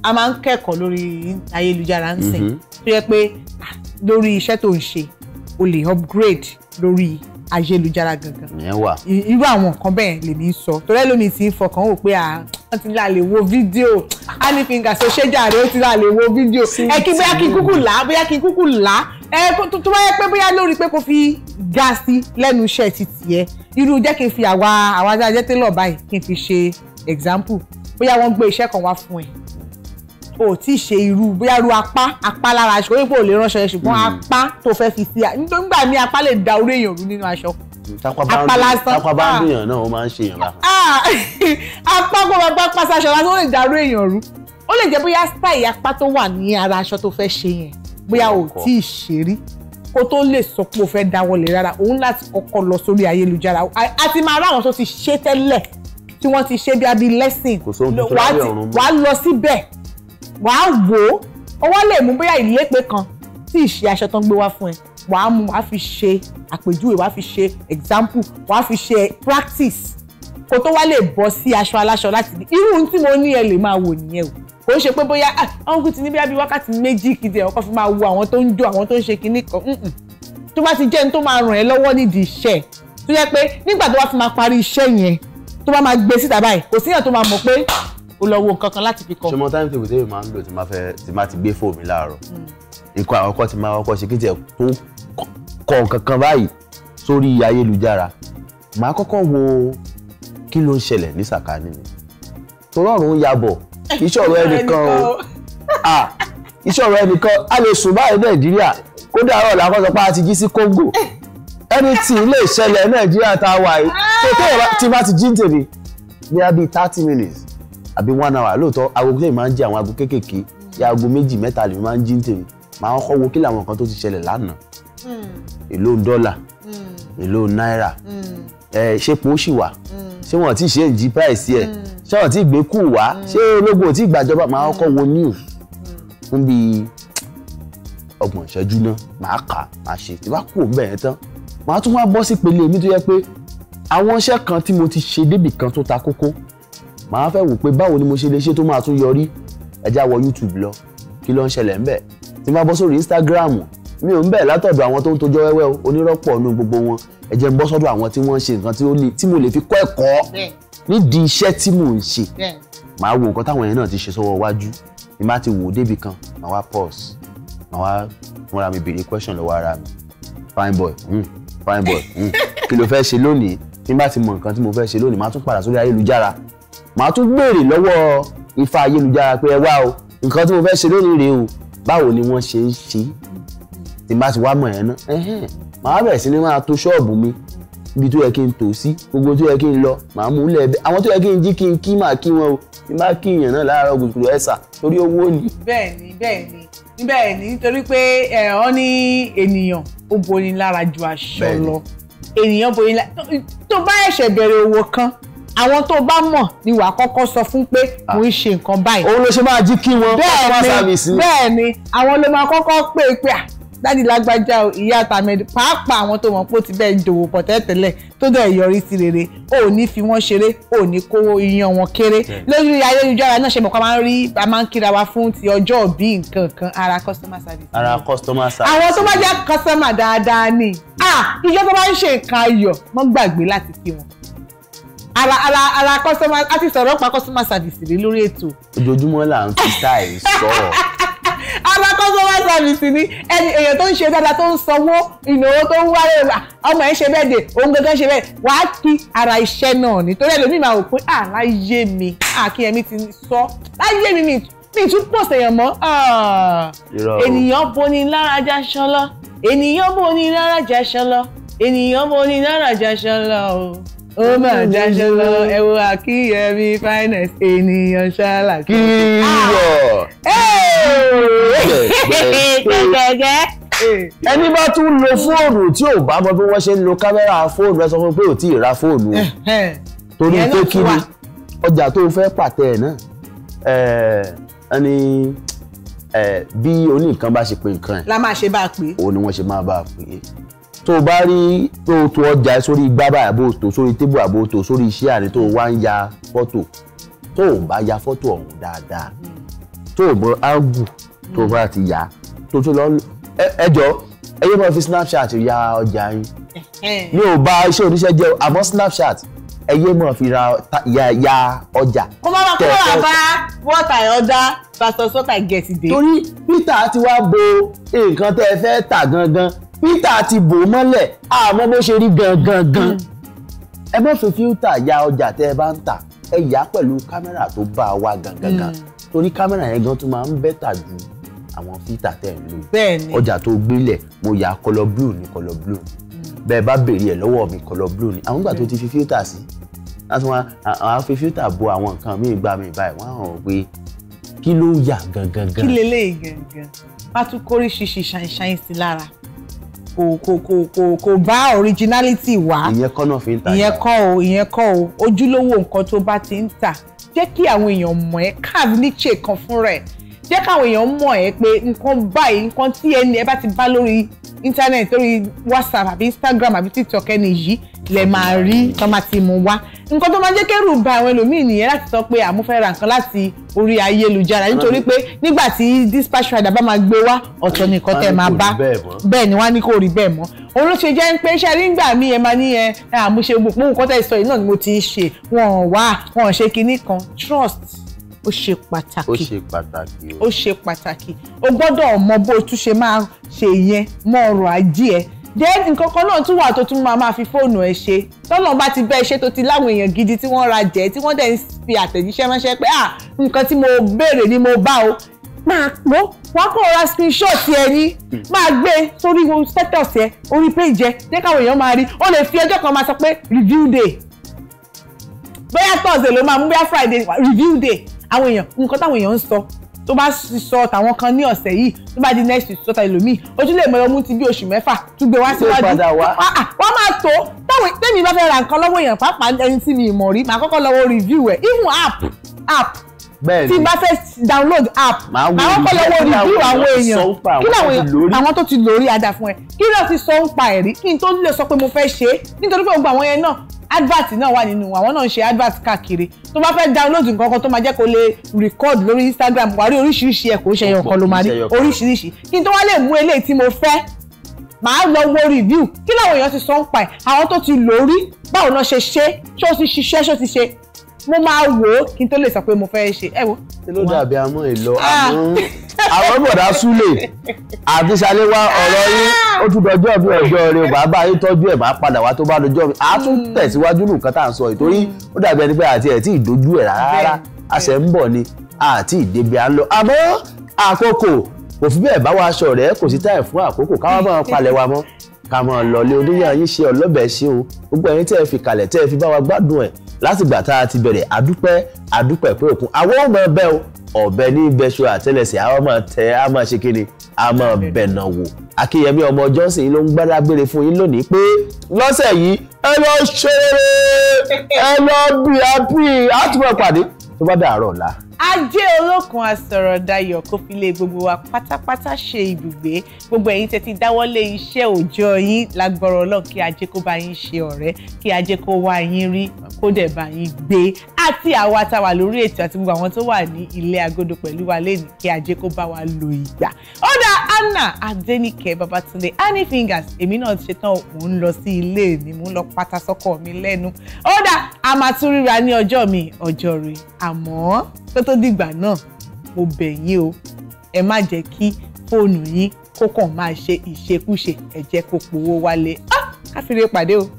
a máa ń kẹ́kọ̀ọ́ lórí ayélujára ń sìn mhm. tó jẹ́ pé ah, lórí iṣẹ́ tó ń ṣe o lè upgrade lórí ayélujára gangan irú àwọn nǹkan bẹ́ẹ̀ lèmi ń sọ torí ẹlòmíì ti ń fọkàn wò pé wọ́n ti là lè wo fídíò anifinga ṣe ṣéjàre ó ti là lè wo fídíò ẹ kí bóyá kí n kúkú là á bóyá kí n kúkú là á ẹ tó bá yẹ pé bóyá lórí pé kò fi gáàsì lẹ́nu iṣẹ́ ti tiẹ̀ irú jẹ́ kí n fi àwa àwa ajá jẹ́ tẹ́lọ̀ báyìí kí n fi ṣe example bóyá wọ́n gbé iṣẹ́ kan wá fún ẹ o ti ṣe irú bóyá ru apá apá lára aṣọ wípé o lè ránṣọ yẹn ṣùgbọ́n hmm. apá tó fẹ́ fi sí nígbà míì apá lè da orí èèyàn rú nínú aṣọ apá lásán apá bá ń dùnyàn ah. náà ó máa ń ṣe èèyàn ah. lára. apá kó máa gbá pàṣẹ aṣọ lásán ó lè da orí èèyàn rú ó lè jẹ́ bóyá style apá tó wà ní ara aṣọ tó fẹ́ ṣe yẹn bóyá ò tí ì ṣe rí kó tó lè sọ pé o fẹ́ dáwọlé rárá òun láti kọ́kọ́ lọ sórí ayélujára a máa ráwọn tó ti ṣe tẹ́lẹ̀ tí wọ́n ti ṣe bí abilẹ́sìn wàá lọ síbẹ̀ wàá wò ó ó wá lè mú bóyá ìlépe kan tí ìṣe aṣọ tán gbé wá fún ẹ wàá mú wàá fi ṣe àpèjúwe wàá fi ṣe example wàá fi ṣe practice kó tó wá lè bọ́ sí aṣọ aláṣọ láti ní irú ohun tí mo ní ẹ lè máa wò nìyẹn o kò ń ṣe pé bóyá àwọn ah, kùtì ní bí wákàtí méjì kìdí ẹ̀wọ̀n kan fi máa wo àwọn tó ń jó àwọn tó ń ṣe kinní kan tó bá ti jẹ́ ní tó máa ràn ẹ́ lọ́wọ́ nídìí iṣẹ́ tó yẹ pé nígbà tó bá fi máa parí iṣẹ́ yẹn tó bá máa gbé síta báyìí kò síyàn tó máa mọ̀ pé o lọ wo nǹkan kan láti fi kọ. ṣé mo time table tèmi máa ń lò tí máa fẹ́ tí máa ti gbé fóònù mi láàárọ̀ ikọ̀ àwọn ọkọ̀ tí máa kọ́kọ́ ṣe kí tiẹ̀ tó kọ nǹkan báyìí sórí ayélujára màá kọ́kọ́ wo kí ló ń ṣẹlẹ̀ ní sàkání mi tọlọ́run ń yabọ̀ iṣẹ́ ọ̀rọ̀ ẹnìkan o iṣẹ́ ọ̀rọ̀ ẹnìkan a lè sùn báyìí nàìjíríà kódà ọ̀rọ̀ làkọ́sọ pé a ti jí sí Congo eh. ẹni tí lè ṣẹlẹ̀ nàìjíríà tá wà yìí ah. tó tó tí bá ti jí tèmi ní abí thirty minutes àbí one hour lóòótọ́ aago tèmi máa ń jẹ àwọn aago kéékèèké tí aago méjì mẹ́ta lèmi máa ń jí tèmi máa ń kọ́wọ́ kí làwọn kan tó ti ṣẹlẹ̀ lánàá hmm. èló dọ́là hmm. èló náírà hmm. ṣé po ṣì wà ṣé wọn ti ṣe ìjì price ẹ ṣé wọn ti gbé kù wá ṣé ológun ò tí gbàjọba máa kọ́ wo new fún bíi ọgbọ̀n ìṣẹ́jú náà máa kà máa ṣe tí bá kúrò bẹ́ẹ̀ tán máa tún wá bọ́ sí pele mi tó yẹ pé àwọn iṣẹ́ kan tí mo ti ṣe débì kan tó ta kókó màá fẹ́ wò pé báwo ni mo ṣe lè ṣe tó máa tún yọrí ẹja wọ YouTube lọ kí ló ń ṣẹlẹ̀ ń bẹ̀ tí n bọ́ sórí Instagram mi ò ń bẹ̀ látọ̀dọ̀ àwọn tó ń tojọ́ wẹ́wẹ́ o onírọ́pọ̀ nu gbogbo wọn ẹ jẹ́ n bọ́ sọ́dọ̀ àwọn tí wọ́n ń ṣe nǹkan tí mo lè fi kọ́ ẹ̀kọ́ nídìí iṣẹ́ tí mò ń ṣe màá wo nǹkan táwọn yẹn náà ti ṣe sọ́wọ́ iwájú ni má ti wò ó débi kan màá wá pause màá wá múra mi béèrè question lọ́wọ́ ara mi fine boy hmm, fine boy mm. kí ló fẹ́ ṣe lónìí tí n bá ti mọ nǹkan tí mo fẹ́ ṣe lónìí màá tún padà sórí ayélujára màá tún béèrè lọ́wọ́ ifá ayélujára pé ẹ wá o nǹkan tí mo fẹ́ ṣe lónìí rèé o báwo ni wọ́n ṣe ń ṣe tí n bá ti wá mọ̀ ẹ́ náà màá bẹ̀rẹ̀ sí ni máa tò ṣọ́ọ̀bù mi ibi tó yẹ kí n tò sí gbogbo tó yẹ kí n lọ màá mú lẹ̀ bẹ́ẹ̀ àwọn tó yẹ kí n jí kí n kí màá kí wọn o tí n bá kí èèyàn náà láàárọ̀ gbùgbùrù ẹ̀sà torí owó ni. bẹ́ẹ̀ni bẹ́ẹ̀ni níbẹ̀ ni nítorí pé ẹ̀rọ ní ènìyàn ó boni lára ju aṣọ lọ ènìyàn boni lára tó bá ẹ̀ṣẹ̀ bẹ̀rẹ̀ òwò kan àwọn tó bá mọ̀ ni wàá kọ́kọ́ sọ fún pé mo ń ṣe nǹkan báyìí. òun ló ṣe máa jí kí wọn customer service ni. bẹ́ẹ̀ ni àwọn ló máa kọ́kọ́ pè é pé dáàdi lágbájá o ìyá tàmẹ́dì pàápàá àwọn tó mọ̀ pé ó ti bẹ́ẹ̀ dòwò pọ̀ tẹ́tẹ́lẹ̀ tó dẹ̀ yọrí sí rere ò ní fi wọ́n ṣeré ò ní kówó iyan wọn kéré hmm. lórí ayélujára náà ṣe mọ̀ ká máa ń rí a máa ń kíra wa fún ti ọjọ́ òbí nǹkan kan ara customer service. ara customer service. àwọn tó bá jẹ́ customer dáadáa ni ìjọba bá ń ṣe nǹkan ayọ̀ wọ́n gbàgbé láti kí wọn ala ala ala customer a ti sọ̀rọ̀ pa customer service rí lórí ètò. ojoojúmọ́ là ń fi táì sọ̀rọ̀ àwọn customer service ni ẹni èèyàn tó ń ṣe dáadáa tó ń sanwó ìnáwó tó ń wáyé ọmọ ẹ ń ṣe bẹ́ẹ̀ dé òun gangan ṣe bẹ́ẹ̀ wàá kí ara iṣẹ́ náà nítorí ẹlòmíì máa wò pé àláyé mi àkíyẹmí ti sọ láyé mi mi tún pọ̀ sèèyàn mọ́ ènìyàn boni lárajà ṣanlọ ènìyàn boni lárajà ṣanlọ ènìyàn boni lárajà ṣanlọ o ó mà jáṣẹ lọ ẹ wo àkíyèmí finance ènìyàn ṣáàlà kí yọ. gẹ́gẹ́ ẹni bá tún lo fóònù tí ò bá mọ bí wọ́n ṣe ń lo kámẹ́rà fóònù ẹ sọ fún mi pé ò tí ì ra fóònù torí pé kí ni ọjà tó fẹ́ pàtẹ ẹ̀ náà ẹni bí oníkan bá ṣe pé nǹkan ẹ̀ la máa ṣe bá a pè é òun ni wọ́n ṣe máa bá a pè é tó o bá rí tó o tó ọjà sórí igbá báyìí àbò tó sórí tébù àbò tó sórí iṣẹ́ àní tó o wá ń ya fọ́tò tó o bá ya fọ́tò ọ̀hún dáadáa tó o mọ áńgù tó o bá ti yá tó o tó lọ ẹ jọ ẹ yé máa fi snapchat ya ọjà yín mi ò bá iṣẹ́ oníṣẹ́ jẹ́ àmọ́ snapchat ẹ yé máa fi ra ya ya ọjà. kó má bàa kó wà bá what I order versus what I get today. torí peter ti wá bo nǹkan tẹ́ ẹ fẹ́ tà gangan peter ti bò ó mọ́lẹ̀ àmọ́ bó ṣe rí gangan gan ẹ bá fi fíltà ya ọjà tẹ́ ẹ bá ń tà ẹ yà á pẹ̀lú kámẹ́rà tó bá a wá gangan gan hmm. torí kámẹ́rà yẹn gan tó máa ń bẹ́tà ju àwọn fíltà tẹ́ ẹ ń lò ọjà tó gbélẹ̀ mo yà á kọlọ blue ni kọlọ blue hmm. bẹ́ẹ̀ bá béèrè ẹ̀ lọ́wọ́ mi kọlọ blue ní àwọn ìgbà tó hmm. ti fi fíltà sí láti wọn àwọn fi fíltà bo àwọn nǹkan míì gbà mí báyìí wọn àwọn òwe kí ló yà gangan gan. kí leléyìí gangan bá tún kórìṣìṣì ṣàìṣàì sí lára kò kò kò kò kò bá originality wá. ìyẹn kọ́ náà fi ń ta ìyẹn kọ́ o ìyẹn kọ́ o ojúlówó nǹkan tó bá ti ń tà jẹ́ kí àwọn èèyàn mọ̀ ẹ́ káàbí níṣe kan fúnra ẹ̀ jẹ́ káwọn èèyàn mọ̀ ẹ́ pé nǹkan báyìí nǹkan tí ẹni ẹ bá ti bá lórí Internet, lórí whatsapp àbí instagram àbí tiktok ẹni yìí lè máa rí tó máa ti mú wá nǹkan tó máa jẹ́ kẹ́rù bà àwọn ẹlòmíì nìyẹn láti sọ pé àmú fẹ́ ra nǹkan láti orí ayélujára nítorí pé nígbà tí dispatch rider bá máa gbé wá ọ̀tọ̀ nìkan tẹ̀ máa bá bẹ́ẹ̀ ni wọ́n á ní kó rí bẹ́ẹ̀ mọ́ òun ló ṣe jẹ́ ń pé ṣe nígbà mí ẹ máa ní ẹ àmúṣe gbogbo nǹkan tẹ̀ sọ yìí náà ni mo ti ṣe wọn ò wá ṣe kinní kan trust ó ṣe pàtàkì ó ṣe pàtàkì ó ṣe pàtàkì o gbọ́dọ̀ mọ bó o tún ṣe máa ṣe yẹn mọ ọrọ̀ ajé ẹ̀ then nǹkan kan náà tún wà tó tún máa máa fi fóònù ẹ ṣe tọ́lọ́ bá ti bẹ́ẹ̀ ṣe tó ti láwọn èèyàn gidi tí wọ́n ra jẹ́ tí wọ́n dẹ̀ ń fi àtẹ̀jíṣẹ́ ránṣẹ́ pé ah nǹkan tí mo béèrè ni mo bá o máa pọ́ wọ́n kọ́ ra screenshot ẹ ní máa gbé sórí status ẹ orí page ẹ jẹ́ káwọn èèyàn máa rí o lè fi ọjọ́ kan máa sọ pé review day bóyá thursday ló máa mú bóyá friday review day àwọn èèyàn nǹkan táwọn èèyàn ń sọ tó bá sọ tàwọn kan ní ọ̀sẹ̀ yìí tó bá di next week sọ́ta ẹlòmíì ojú lè mọ̀ ọmú ti bí oṣù mẹ́fà tún gbé wá síwájú wọ́n máa tó táwọn tẹ́mi bá fẹ́ ra nǹkan lọ́wọ́ èèyàn pàápàá ẹni tí mi ìmọ̀ rí màá kọ́kọ́ lọ́wọ́ review ẹ̀ even app app tí n bá fẹ́ download app àwọn kọ́ lọ́wọ́ review àwọn èèyàn kí làwọn àwọn tó ti lórí ada fún ẹ kí ló ti sọ ń pa ẹ̀rí kí n tó lè sọ pé mo fẹ́ ṣe é nítorí pé gbogbo àwọn yẹn náà advert náà wà nínú àwọn náà ń ṣe advert káàkiri tó bá fẹ́ download nǹkan kan tó máa jẹ́ kó lè record lórí Instagram wà rí oríṣiríṣi ẹ̀ kò ṣe ẹyọ kan ló máa rí oríṣiríṣi kí n tó wá lè mú eléyìí tí mo fẹ́ màá lọ wo review kí làwọn èèyàn ti sọ ń pa ẹ̀ àwọn tó ti lórí báwo náà ṣe ṣe ṣé ó ti ṣiṣẹ́ ṣé ó ti ṣe mo máa wò ó kí n tó lè sọ pé mo fẹ́ ṣe ẹ wo. ṣé ló dàbí amú ìlọ àmú ah. àwọn bọ̀dá súlè àti ṣàléwá ọ̀rọ̀ yín ó tún dọjọ́ bí ọjọ́ rẹ bàbá yín tọ́jú ẹ̀ máa padà wá tó bá dọjọ́ mi àá tún mm. tẹ̀síwájú nǹkan tá à ń sọ ìtorí ó dàbí ẹni pé àti ẹ̀ tí ì dojú ẹ̀ rárá a ṣẹ̀ ń bọ̀ ni àti ìdèbí à ń lọ àmọ́ àkókò kò fi bẹ́ẹ̀ bá wa aṣọ rẹ̀ kò sí táì fún àkókò káwọn máa palẹ̀ wa mọ́ ká máa lọ oníyàn yín ṣe ọlọ́bẹ̀ ṣe o gbogbo ẹ̀yin tẹ́ ẹ fi kalẹ̀ tẹ́ ẹ fi bá wa gbádùn ẹ̀ látìgbà tá a ti bẹ̀rẹ̀ àdúpẹ́ àdúpẹ́ pé òkun àwọn ọmọ ẹbẹ́ o ọ̀bẹ ní bẹ́ṣọ àtẹlẹsẹ̀ àwọn ọmọ tẹ á máa ṣe kiri á máa bẹ̀nà wò akínyẹmí ọmọ johnson ló ń gbádágbére fún yín lónìí pé lọ́sẹ̀ yìí ẹ lọ ṣeré ẹ lọ bí happy àtúbọ̀ pàdé tó bá dàárọ̀ ọ̀la ajé olókun àsọ̀rọ̀dayọ̀ kó fi lé gbogbo wa pátápátá ṣe ibùgbé gbogbo ẹ̀yin tẹ́tí dáwọ́lé iṣẹ́ òòjọ́ yín lágbọ́rọ̀ ọlọ́run kí ajé kó bá yín ṣe ọ̀rẹ́ kí ajé kó wá yín rí kó dẹ̀ bá yín gbé àti àwa tá a wà lórí ètò àti gbogbo àwọn tó wà ní ilé agodo pẹ̀lú wa lẹ́nu kí ajé kó bá wa lo ìgbà. ó dá Anna Adéníkẹ́ Babátúndé honey fingers èmi náà ti ṣetán mò ń lọ sí ilé mi mò ń lọ pátá sọ́kọ̀ mi lẹ́nu. ó dá a ní ọjọ́ mi ọjọ́ rẹ̀ àmọ́ kó tó dìgbà náà mo bẹ̀ yín o ẹ má jẹ́ kí fóònù yín kó kàn máa ṣe ìṣekúṣe ẹ jẹ́ kó powó wálé á ah! káfíńrè pàdé o.